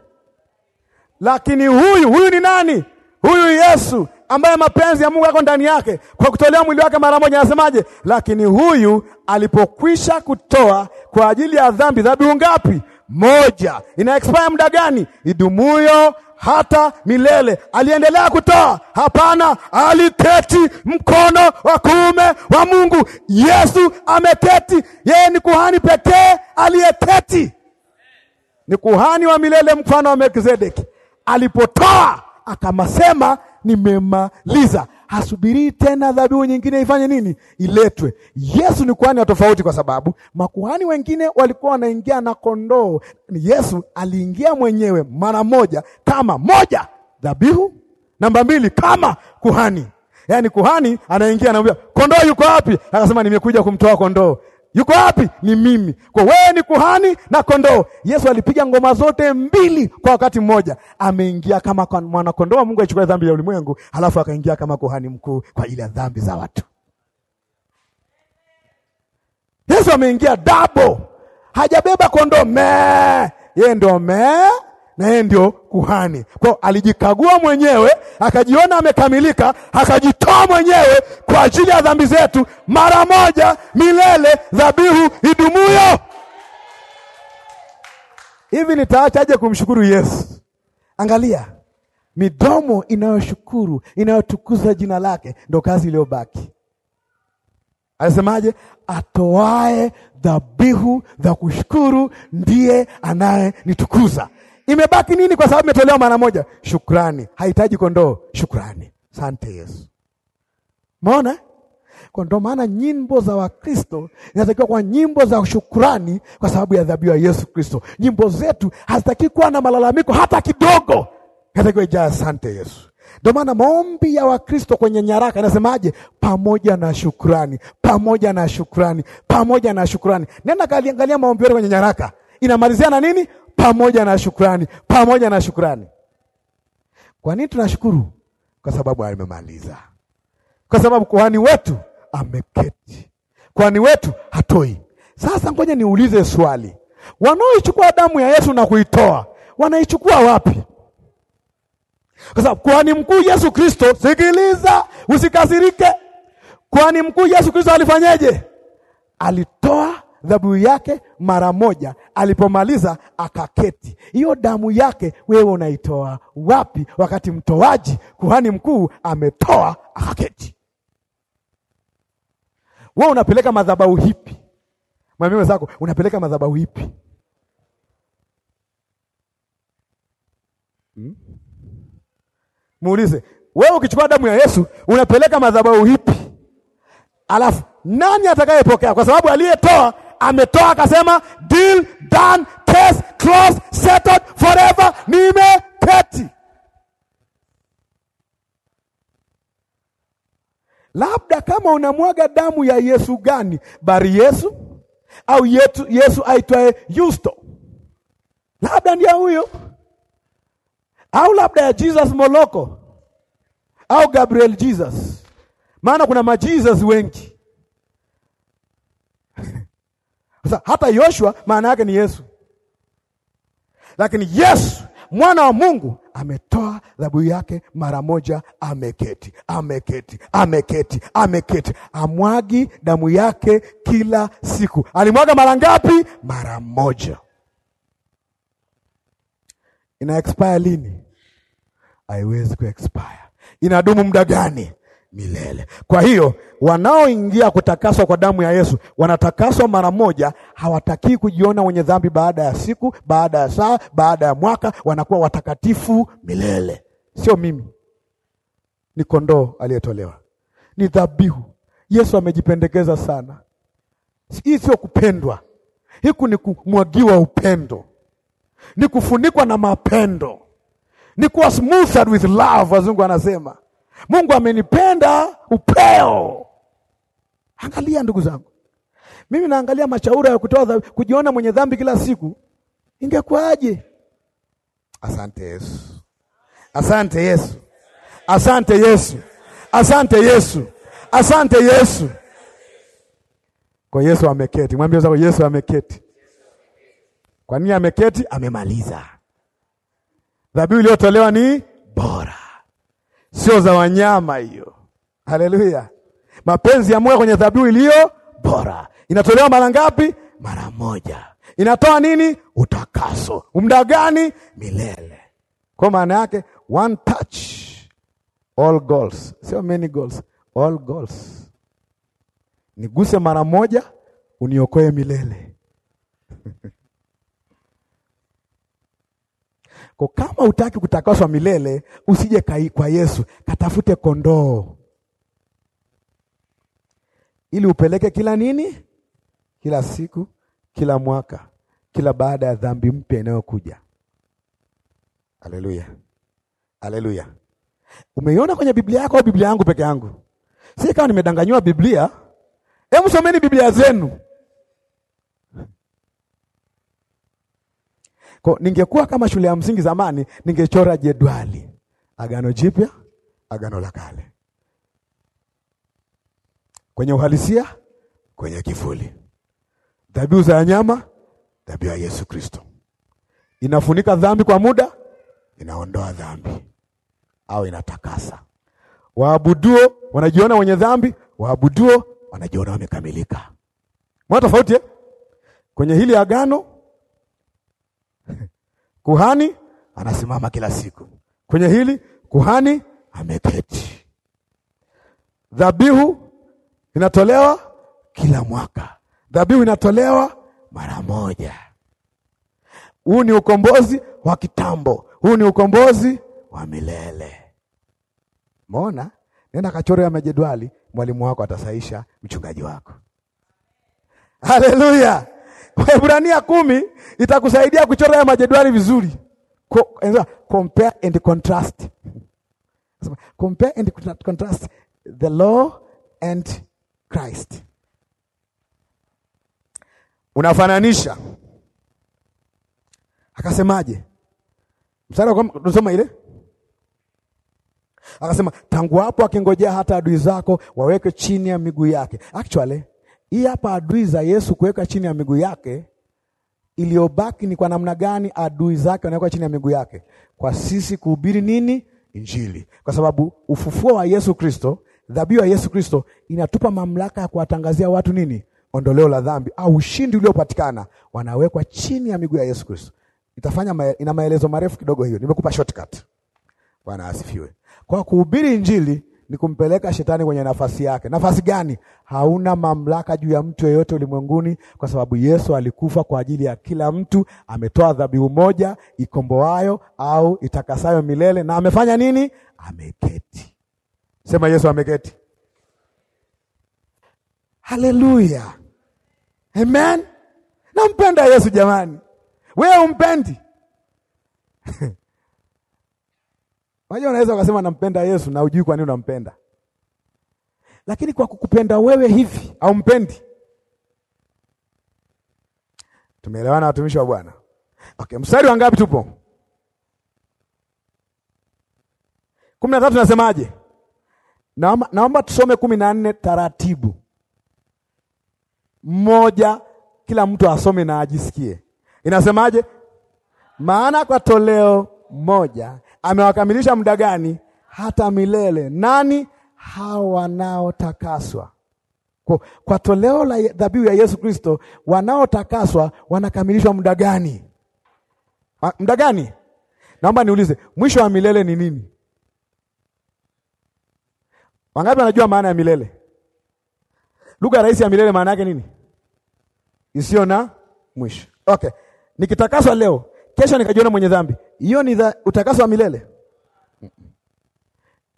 Lakini huyu huyu ni nani? Huyu Yesu ambaye mapenzi ya Mungu yako ndani yake kwa kutolea mwili wake mara moja, anasemaje? Lakini huyu alipokwisha kutoa kwa ajili ya dhambi dhabihu ngapi? Moja. Ina expire muda gani? Idumuyo hata milele. Aliendelea kutoa? Hapana, aliketi mkono wa kuume wa Mungu. Yesu ameketi, yeye ni kuhani pekee aliyeketi, ni kuhani wa milele, mfano wa Melkizedeki alipotoa akamasema nimemaliza. Hasubirii tena dhabihu nyingine ifanye nini? Iletwe. Yesu ni kuhani wa tofauti, kwa sababu makuhani wengine walikuwa wanaingia na kondoo. Yesu aliingia mwenyewe mara moja, kama moja dhabihu, namba mbili kama kuhani. Yaani kuhani anaingia, anaambia kondoo yuko wapi? Akasema nimekuja kumtoa kondoo yuko wapi? Ni mimi. Kwa wewe ni kuhani na kondoo. Yesu alipiga ngoma zote mbili kwa wakati mmoja. Ameingia kama mwana kondoo, Mungu aichukua dhambi ya ulimwengu, halafu akaingia kama kuhani mkuu kwa ajili ya dhambi za watu. Yesu ameingia double, hajabeba kondoo me, yeye ndo me na yeye ndio kuhani. Kwa alijikagua mwenyewe, akajiona amekamilika, akajitoa mwenyewe kwa ajili ya dhambi zetu mara moja milele, dhabihu idumuyo. Hivi nitaachaje kumshukuru Yesu? Angalia, midomo inayoshukuru inayotukuza jina lake ndo kazi iliyobaki. Anasemaje? Atoae dhabihu za kushukuru ndiye anayenitukuza imebaki nini? Kwa sababu imetolewa mara moja. Shukrani hahitaji kondoo. Shukrani, asante Yesu. Maona kwa ndo maana nyimbo za Wakristo zinatakiwa kwa nyimbo za shukrani, kwa sababu ya dhabihu ya Yesu Kristo. Nyimbo zetu hazitaki kuwa na malalamiko hata kidogo, inatakiwa ijaa asante Yesu. Ndio maana maombi ya Wakristo kwenye nyaraka inasemaje? Pamoja na shukrani, pamoja na shukrani, pamoja na shukrani. Nenda kaangalia maombi yote kwenye nyaraka inamalizia na nini? pamoja na shukrani, pamoja na shukrani. Kwa nini tunashukuru? Kwa sababu amemaliza, kwa sababu kuhani wetu ameketi, kuhani wetu hatoi. Sasa ngoja niulize swali, wanaoichukua damu ya Yesu na kuitoa wanaichukua wapi? Kwa sababu kuhani mkuu Yesu Kristo, sikiliza, usikasirike. Kuhani mkuu Yesu Kristo alifanyeje? Alitoa dhabihu yake mara moja Alipomaliza akaketi. Hiyo damu yake wewe unaitoa wapi, wakati mtoaji kuhani mkuu ametoa akaketi? Wewe unapeleka madhabahu hipi? Mwambie wenzako unapeleka madhabahu hipi? hmm? Muulize wewe, ukichukua damu ya Yesu unapeleka madhabahu hipi? Alafu nani atakayepokea? Kwa sababu aliyetoa ametoa akasema, deal done, case closed, settled forever, nimeketi. Labda kama unamwaga damu ya Yesu gani, bari Yesu au yetu, Yesu aitwaye Yusto, labda ndio huyo, au labda ya Jesus Moloko au Gabriel Jesus, maana kuna majesus wengi Sasa hata Yoshua maana yake ni Yesu, lakini Yesu mwana wa Mungu ametoa dhabihu yake mara moja, ameketi ameketi ameketi ameketi, amwagi damu yake kila siku. Alimwaga mara ngapi? Mara moja. Ina expire lini? Haiwezi ku expire. Inadumu muda gani? milele. Kwa hiyo wanaoingia kutakaswa kwa damu ya Yesu wanatakaswa mara moja, hawatakii kujiona wenye dhambi baada ya siku, baada ya saa, baada ya mwaka, wanakuwa watakatifu milele. Sio mimi, ni kondoo aliyetolewa, ni dhabihu. Yesu amejipendekeza sana. Hii sio kupendwa, hiku ni kumwagiwa upendo, ni kufunikwa na mapendo, ni kuwa smoothed with love, wazungu anasema Mungu amenipenda upeo. Angalia ndugu zangu, mimi naangalia mashauri ya kutoa dhambi, kujiona mwenye dhambi kila siku, ingekuwaje? Asante Yesu, asante Yesu, asante Yesu, asante Yesu, asante Yesu. Kwa Yesu ameketi, mwambie zako Yesu ameketi. Kwa nini ameketi? Amemaliza. Dhabihu iliyotolewa ni bora sio za wanyama hiyo. Haleluya! mapenzi ya Mungu kwenye dhabihu iliyo bora inatolewa mara ngapi? Mara moja. Inatoa nini? Utakaso. Muda gani? Milele. Kwa maana yake one touch all goals, sio many goals, all goals. Niguse mara moja uniokoe milele. Kwa kama utaki kutakaswa milele, usije kwa Yesu, katafute kondoo ili upeleke kila nini, kila siku, kila mwaka, kila baada ya dhambi mpya inayokuja. Haleluya, haleluya! Umeiona kwenye Biblia yako au Biblia yangu peke yangu? Si kama nimedanganywa Biblia? Hebu someni Biblia zenu. Kwa ningekuwa kama shule ya msingi zamani, ningechora jedwali, Agano Jipya, Agano la Kale, kwenye uhalisia, kwenye kivuli, dhabihu za wanyama, dhabihu ya Yesu Kristo inafunika dhambi kwa muda, inaondoa dhambi au inatakasa. Waabuduo wanajiona wenye dhambi, waabuduo wanajiona wamekamilika. Mwana tofauti eh? Kwenye hili agano Kuhani anasimama kila siku kwenye hili, kuhani ameketi. Dhabihu inatolewa kila mwaka, dhabihu inatolewa mara moja. Huu ni ukombozi wa kitambo, huu ni ukombozi wa milele. Maona, nenda kachore ya majedwali, mwalimu wako atasaisha mchungaji wako. Haleluya! Waebrania kumi itakusaidia kuchora ya majedwali vizuri. Compare and contrast. Compare and contrast the law and Christ. Unafananisha. Akasemaje? Mstari tunasoma ile akasema, tangu hapo akingojea hata adui zako waweke chini ya miguu yake. Actually hii hapa adui za Yesu kuweka chini ya miguu yake, iliyobaki ni kwa namna gani adui zake wanawekwa chini ya miguu yake? Kwa sisi kuhubiri nini? Injili. Kwa sababu ufufuo wa Yesu Kristo, dhabihu ya Yesu Kristo inatupa mamlaka ya kuwatangazia watu nini? Ondoleo la dhambi au ushindi uliopatikana, wanawekwa chini ya miguu ya Yesu Kristo. Itafanya ma ina maelezo marefu kidogo, hiyo nimekupa shortcut. Bwana asifiwe. Kwa kuhubiri injili ni kumpeleka shetani kwenye nafasi yake. Nafasi gani? Hauna mamlaka juu ya mtu yeyote ulimwenguni, kwa sababu Yesu alikufa kwa ajili ya kila mtu. Ametoa dhabihu moja ikomboayo au itakasayo milele, na amefanya nini? Ameketi. Sema Yesu ameketi. Haleluya, amen. Nampenda Yesu jamani, wewe umpendi? Unajua, unaweza ukasema nampenda Yesu na ujui kwa nini unampenda, lakini kwa kukupenda wewe hivi au mpendi? Tumeelewana watumishi wa Bwana? Okay, mstari wa ngapi tupo? kumi na tatu. Nasemaje? Naomba, naomba tusome kumi na nne taratibu, mmoja kila mtu asome na ajisikie. Inasemaje? Maana kwa toleo moja amewakamilisha muda gani? Hata milele. Nani? Hao wanaotakaswa kwa, kwa toleo la dhabihu ya Yesu Kristo. Wanaotakaswa wanakamilishwa muda gani? Muda gani? Naomba niulize, mwisho wa milele ni nini? Wangapi wanajua maana ya milele? Lugha rahisi ya milele maana yake nini? Isiyo na mwisho. Okay, nikitakaswa leo, kesho nikajiona mwenye dhambi, hiyo ni utakaso wa milele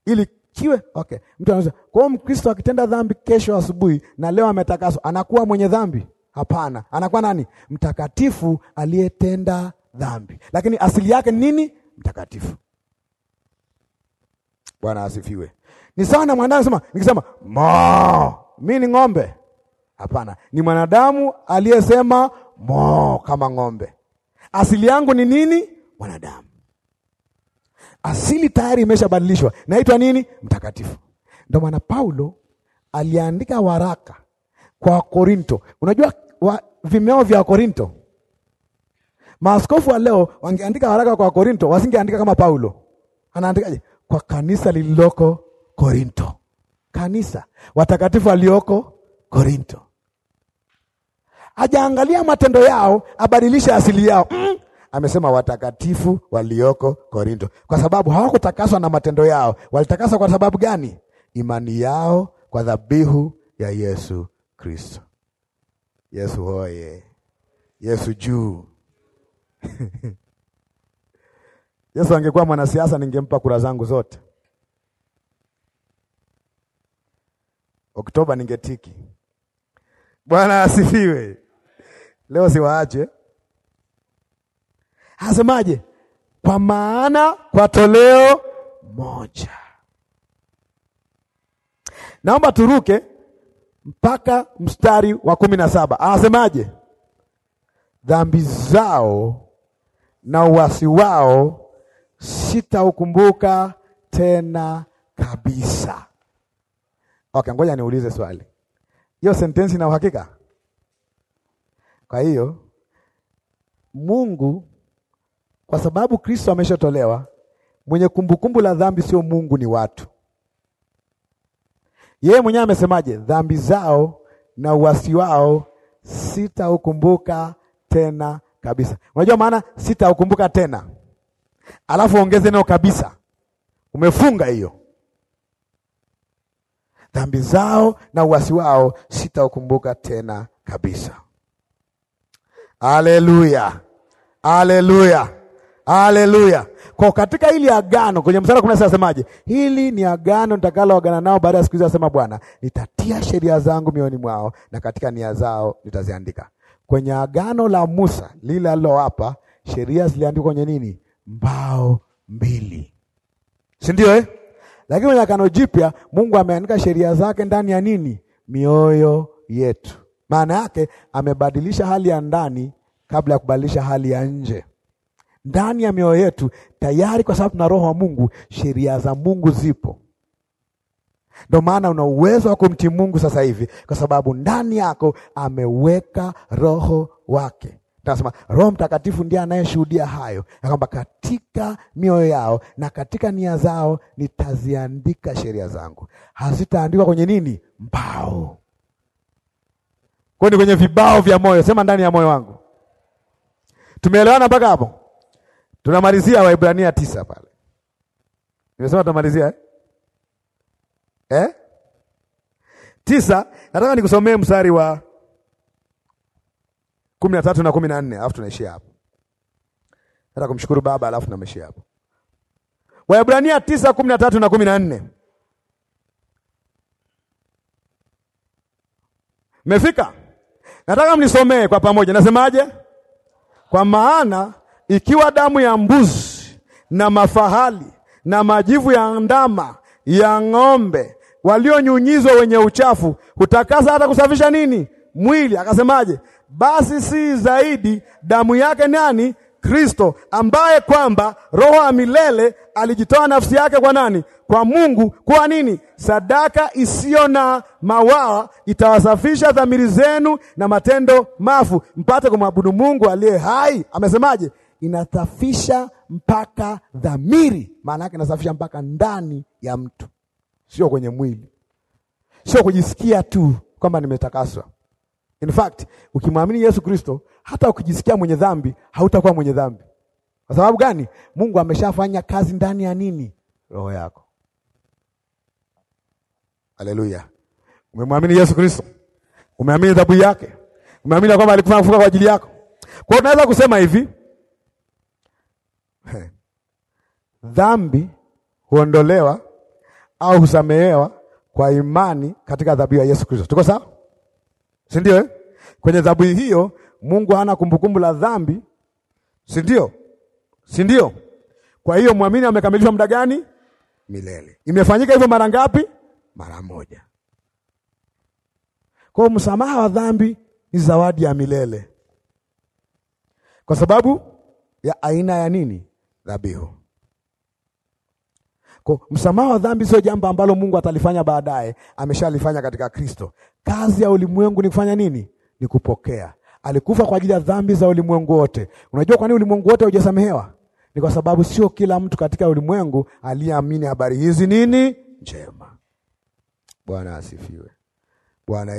ili kiwe okay. Mtu anaweza kwa hiyo Mkristo akitenda dhambi kesho asubuhi na leo ametakaswa, anakuwa mwenye dhambi? Hapana, anakuwa nani? Mtakatifu aliyetenda dhambi, lakini asili yake nini? Mtakatifu. Bwana asifiwe. Ni sawa na mwanadamu sema, nikisema mo mi ni ng'ombe. Hapana, ni mwanadamu aliyesema mo kama ng'ombe. Asili yangu ni nini? wanadamu. Asili tayari imeshabadilishwa, naitwa nini? Mtakatifu. Ndio maana Paulo aliandika waraka kwa Wakorinto. Unajua wa, vimeo vya Wakorinto, maaskofu wa leo wangeandika waraka kwa Wakorinto, wasingeandika kama Paulo anaandikaje? Kwa kanisa lililoko Korinto, kanisa watakatifu walioko Korinto. Hajaangalia matendo yao abadilishe asili yao. Mm, amesema watakatifu walioko Korinto, kwa sababu hawakutakaswa na matendo yao. Walitakaswa kwa sababu gani? Imani yao kwa dhabihu ya Yesu Kristo. Yesu hoye, Yesu juu. Yesu angekuwa mwanasiasa, ningempa kura zangu zote. Oktoba ningetiki. Bwana asifiwe. Leo siwaache Anasemaje? Kwa maana kwa toleo moja. Naomba turuke mpaka mstari wa kumi na saba. Anasemaje? Dhambi zao na uasi wao sitaukumbuka tena kabisa. Okay, ngoja niulize swali. Hiyo sentensi ina uhakika? Kwa hiyo Mungu kwa sababu Kristo ameshatolewa, mwenye kumbukumbu la dhambi sio Mungu, ni watu. Yeye mwenyewe amesemaje? Dhambi zao na uasi wao sitaukumbuka tena kabisa. Unajua maana sitaukumbuka tena, alafu ongeze neno kabisa. Umefunga hiyo dhambi zao na uasi wao sitaukumbuka tena kabisa. aleluya aleluya Haleluya. Kwa katika hili agano kwenye mstari wa 16 asemaje? Hili ni agano nitakalo agana nao baada ya siku hizo, asema Bwana, nitatia sheria zangu mioyoni mwao na katika nia zao nitaziandika. Kwenye agano la Musa lile alilowapa, sheria ziliandikwa kwenye nini? Mbao mbili, si ndio eh? Lakini kwenye agano jipya Mungu ameandika sheria zake ndani ya nini? Mioyo yetu. Maana yake amebadilisha hali ya ndani kabla ya kubadilisha hali ya nje ndani ya mioyo yetu tayari, kwa sababu tuna roho wa Mungu. Sheria za Mungu zipo, ndio maana una uwezo wa kumtii Mungu sasa hivi, kwa sababu ndani yako ameweka roho wake. Tunasema Roho Mtakatifu ndiye anayeshuhudia hayo, ya kwamba katika mioyo yao na katika nia zao nitaziandika sheria zangu. Hazitaandikwa kwenye nini? Mbao kwani kwenye vibao vya moyo. Sema ndani ya moyo wangu. Tumeelewana mpaka hapo? Tunamalizia waibrania tisa pale. Nimesema tunamalizia eh? Eh? Tisa, nataka nikusomee mstari wa kumi na tatu na kumi na nne alafu tunaishia hapo. Nataka kumshukuru Baba alafu tunaishia hapo. Waibrania tisa kumi na tatu na kumi na nne Mefika? Nataka mnisomee kwa pamoja. Nasemaje? Kwa maana ikiwa damu ya mbuzi na mafahali na majivu ya ndama ya ng'ombe walionyunyizwa wenye uchafu hutakasa hata kusafisha nini mwili. Akasemaje? Basi si zaidi damu yake nani? Kristo, ambaye kwamba roho ya milele alijitoa nafsi yake kwa nani? Kwa Mungu. Kwa nini? Sadaka isiyo na mawaa itawasafisha dhamiri zenu na matendo mafu, mpate kumwabudu Mungu aliye hai. Amesemaje? inasafisha mpaka dhamiri. Maana yake inasafisha mpaka ndani ya mtu, sio kwenye mwili, sio kujisikia tu kwamba nimetakaswa. In fact, ukimwamini Yesu Kristo, hata ukijisikia mwenye dhambi hautakuwa mwenye dhambi. Kwa sababu gani? Mungu ameshafanya kazi ndani ya nini? Roho yako. Haleluya! Umemwamini Yesu Kristo, umeamini dhabu yake, umeamini kwamba alikufa kwa ajili yako. Kwa hiyo tunaweza kusema hivi dhambi huondolewa au husamehewa kwa imani katika dhabihu ya Yesu Kristo. Tuko sawa, si ndio? Eh, kwenye dhabihu hiyo Mungu hana kumbukumbu la dhambi, si ndio? Si ndio? Kwa hiyo mwamini amekamilishwa muda gani? Milele. Imefanyika hivyo mara ngapi? Mara moja. Kwa hiyo msamaha wa dhambi ni zawadi ya milele, kwa sababu ya aina ya nini? Dhabihu. Kwa msamaha wa dhambi sio jambo ambalo Mungu atalifanya baadaye, ameshalifanya katika Kristo. Kazi ya ulimwengu ni kufanya nini? Ni kupokea. Alikufa kwa ajili ya dhambi za ulimwengu wote. Unajua kwa nini ulimwengu wote haujasamehewa? Ni kwa sababu sio kila mtu katika ulimwengu aliyeamini habari hizi nini njema. Bwana asifiwe. Bwana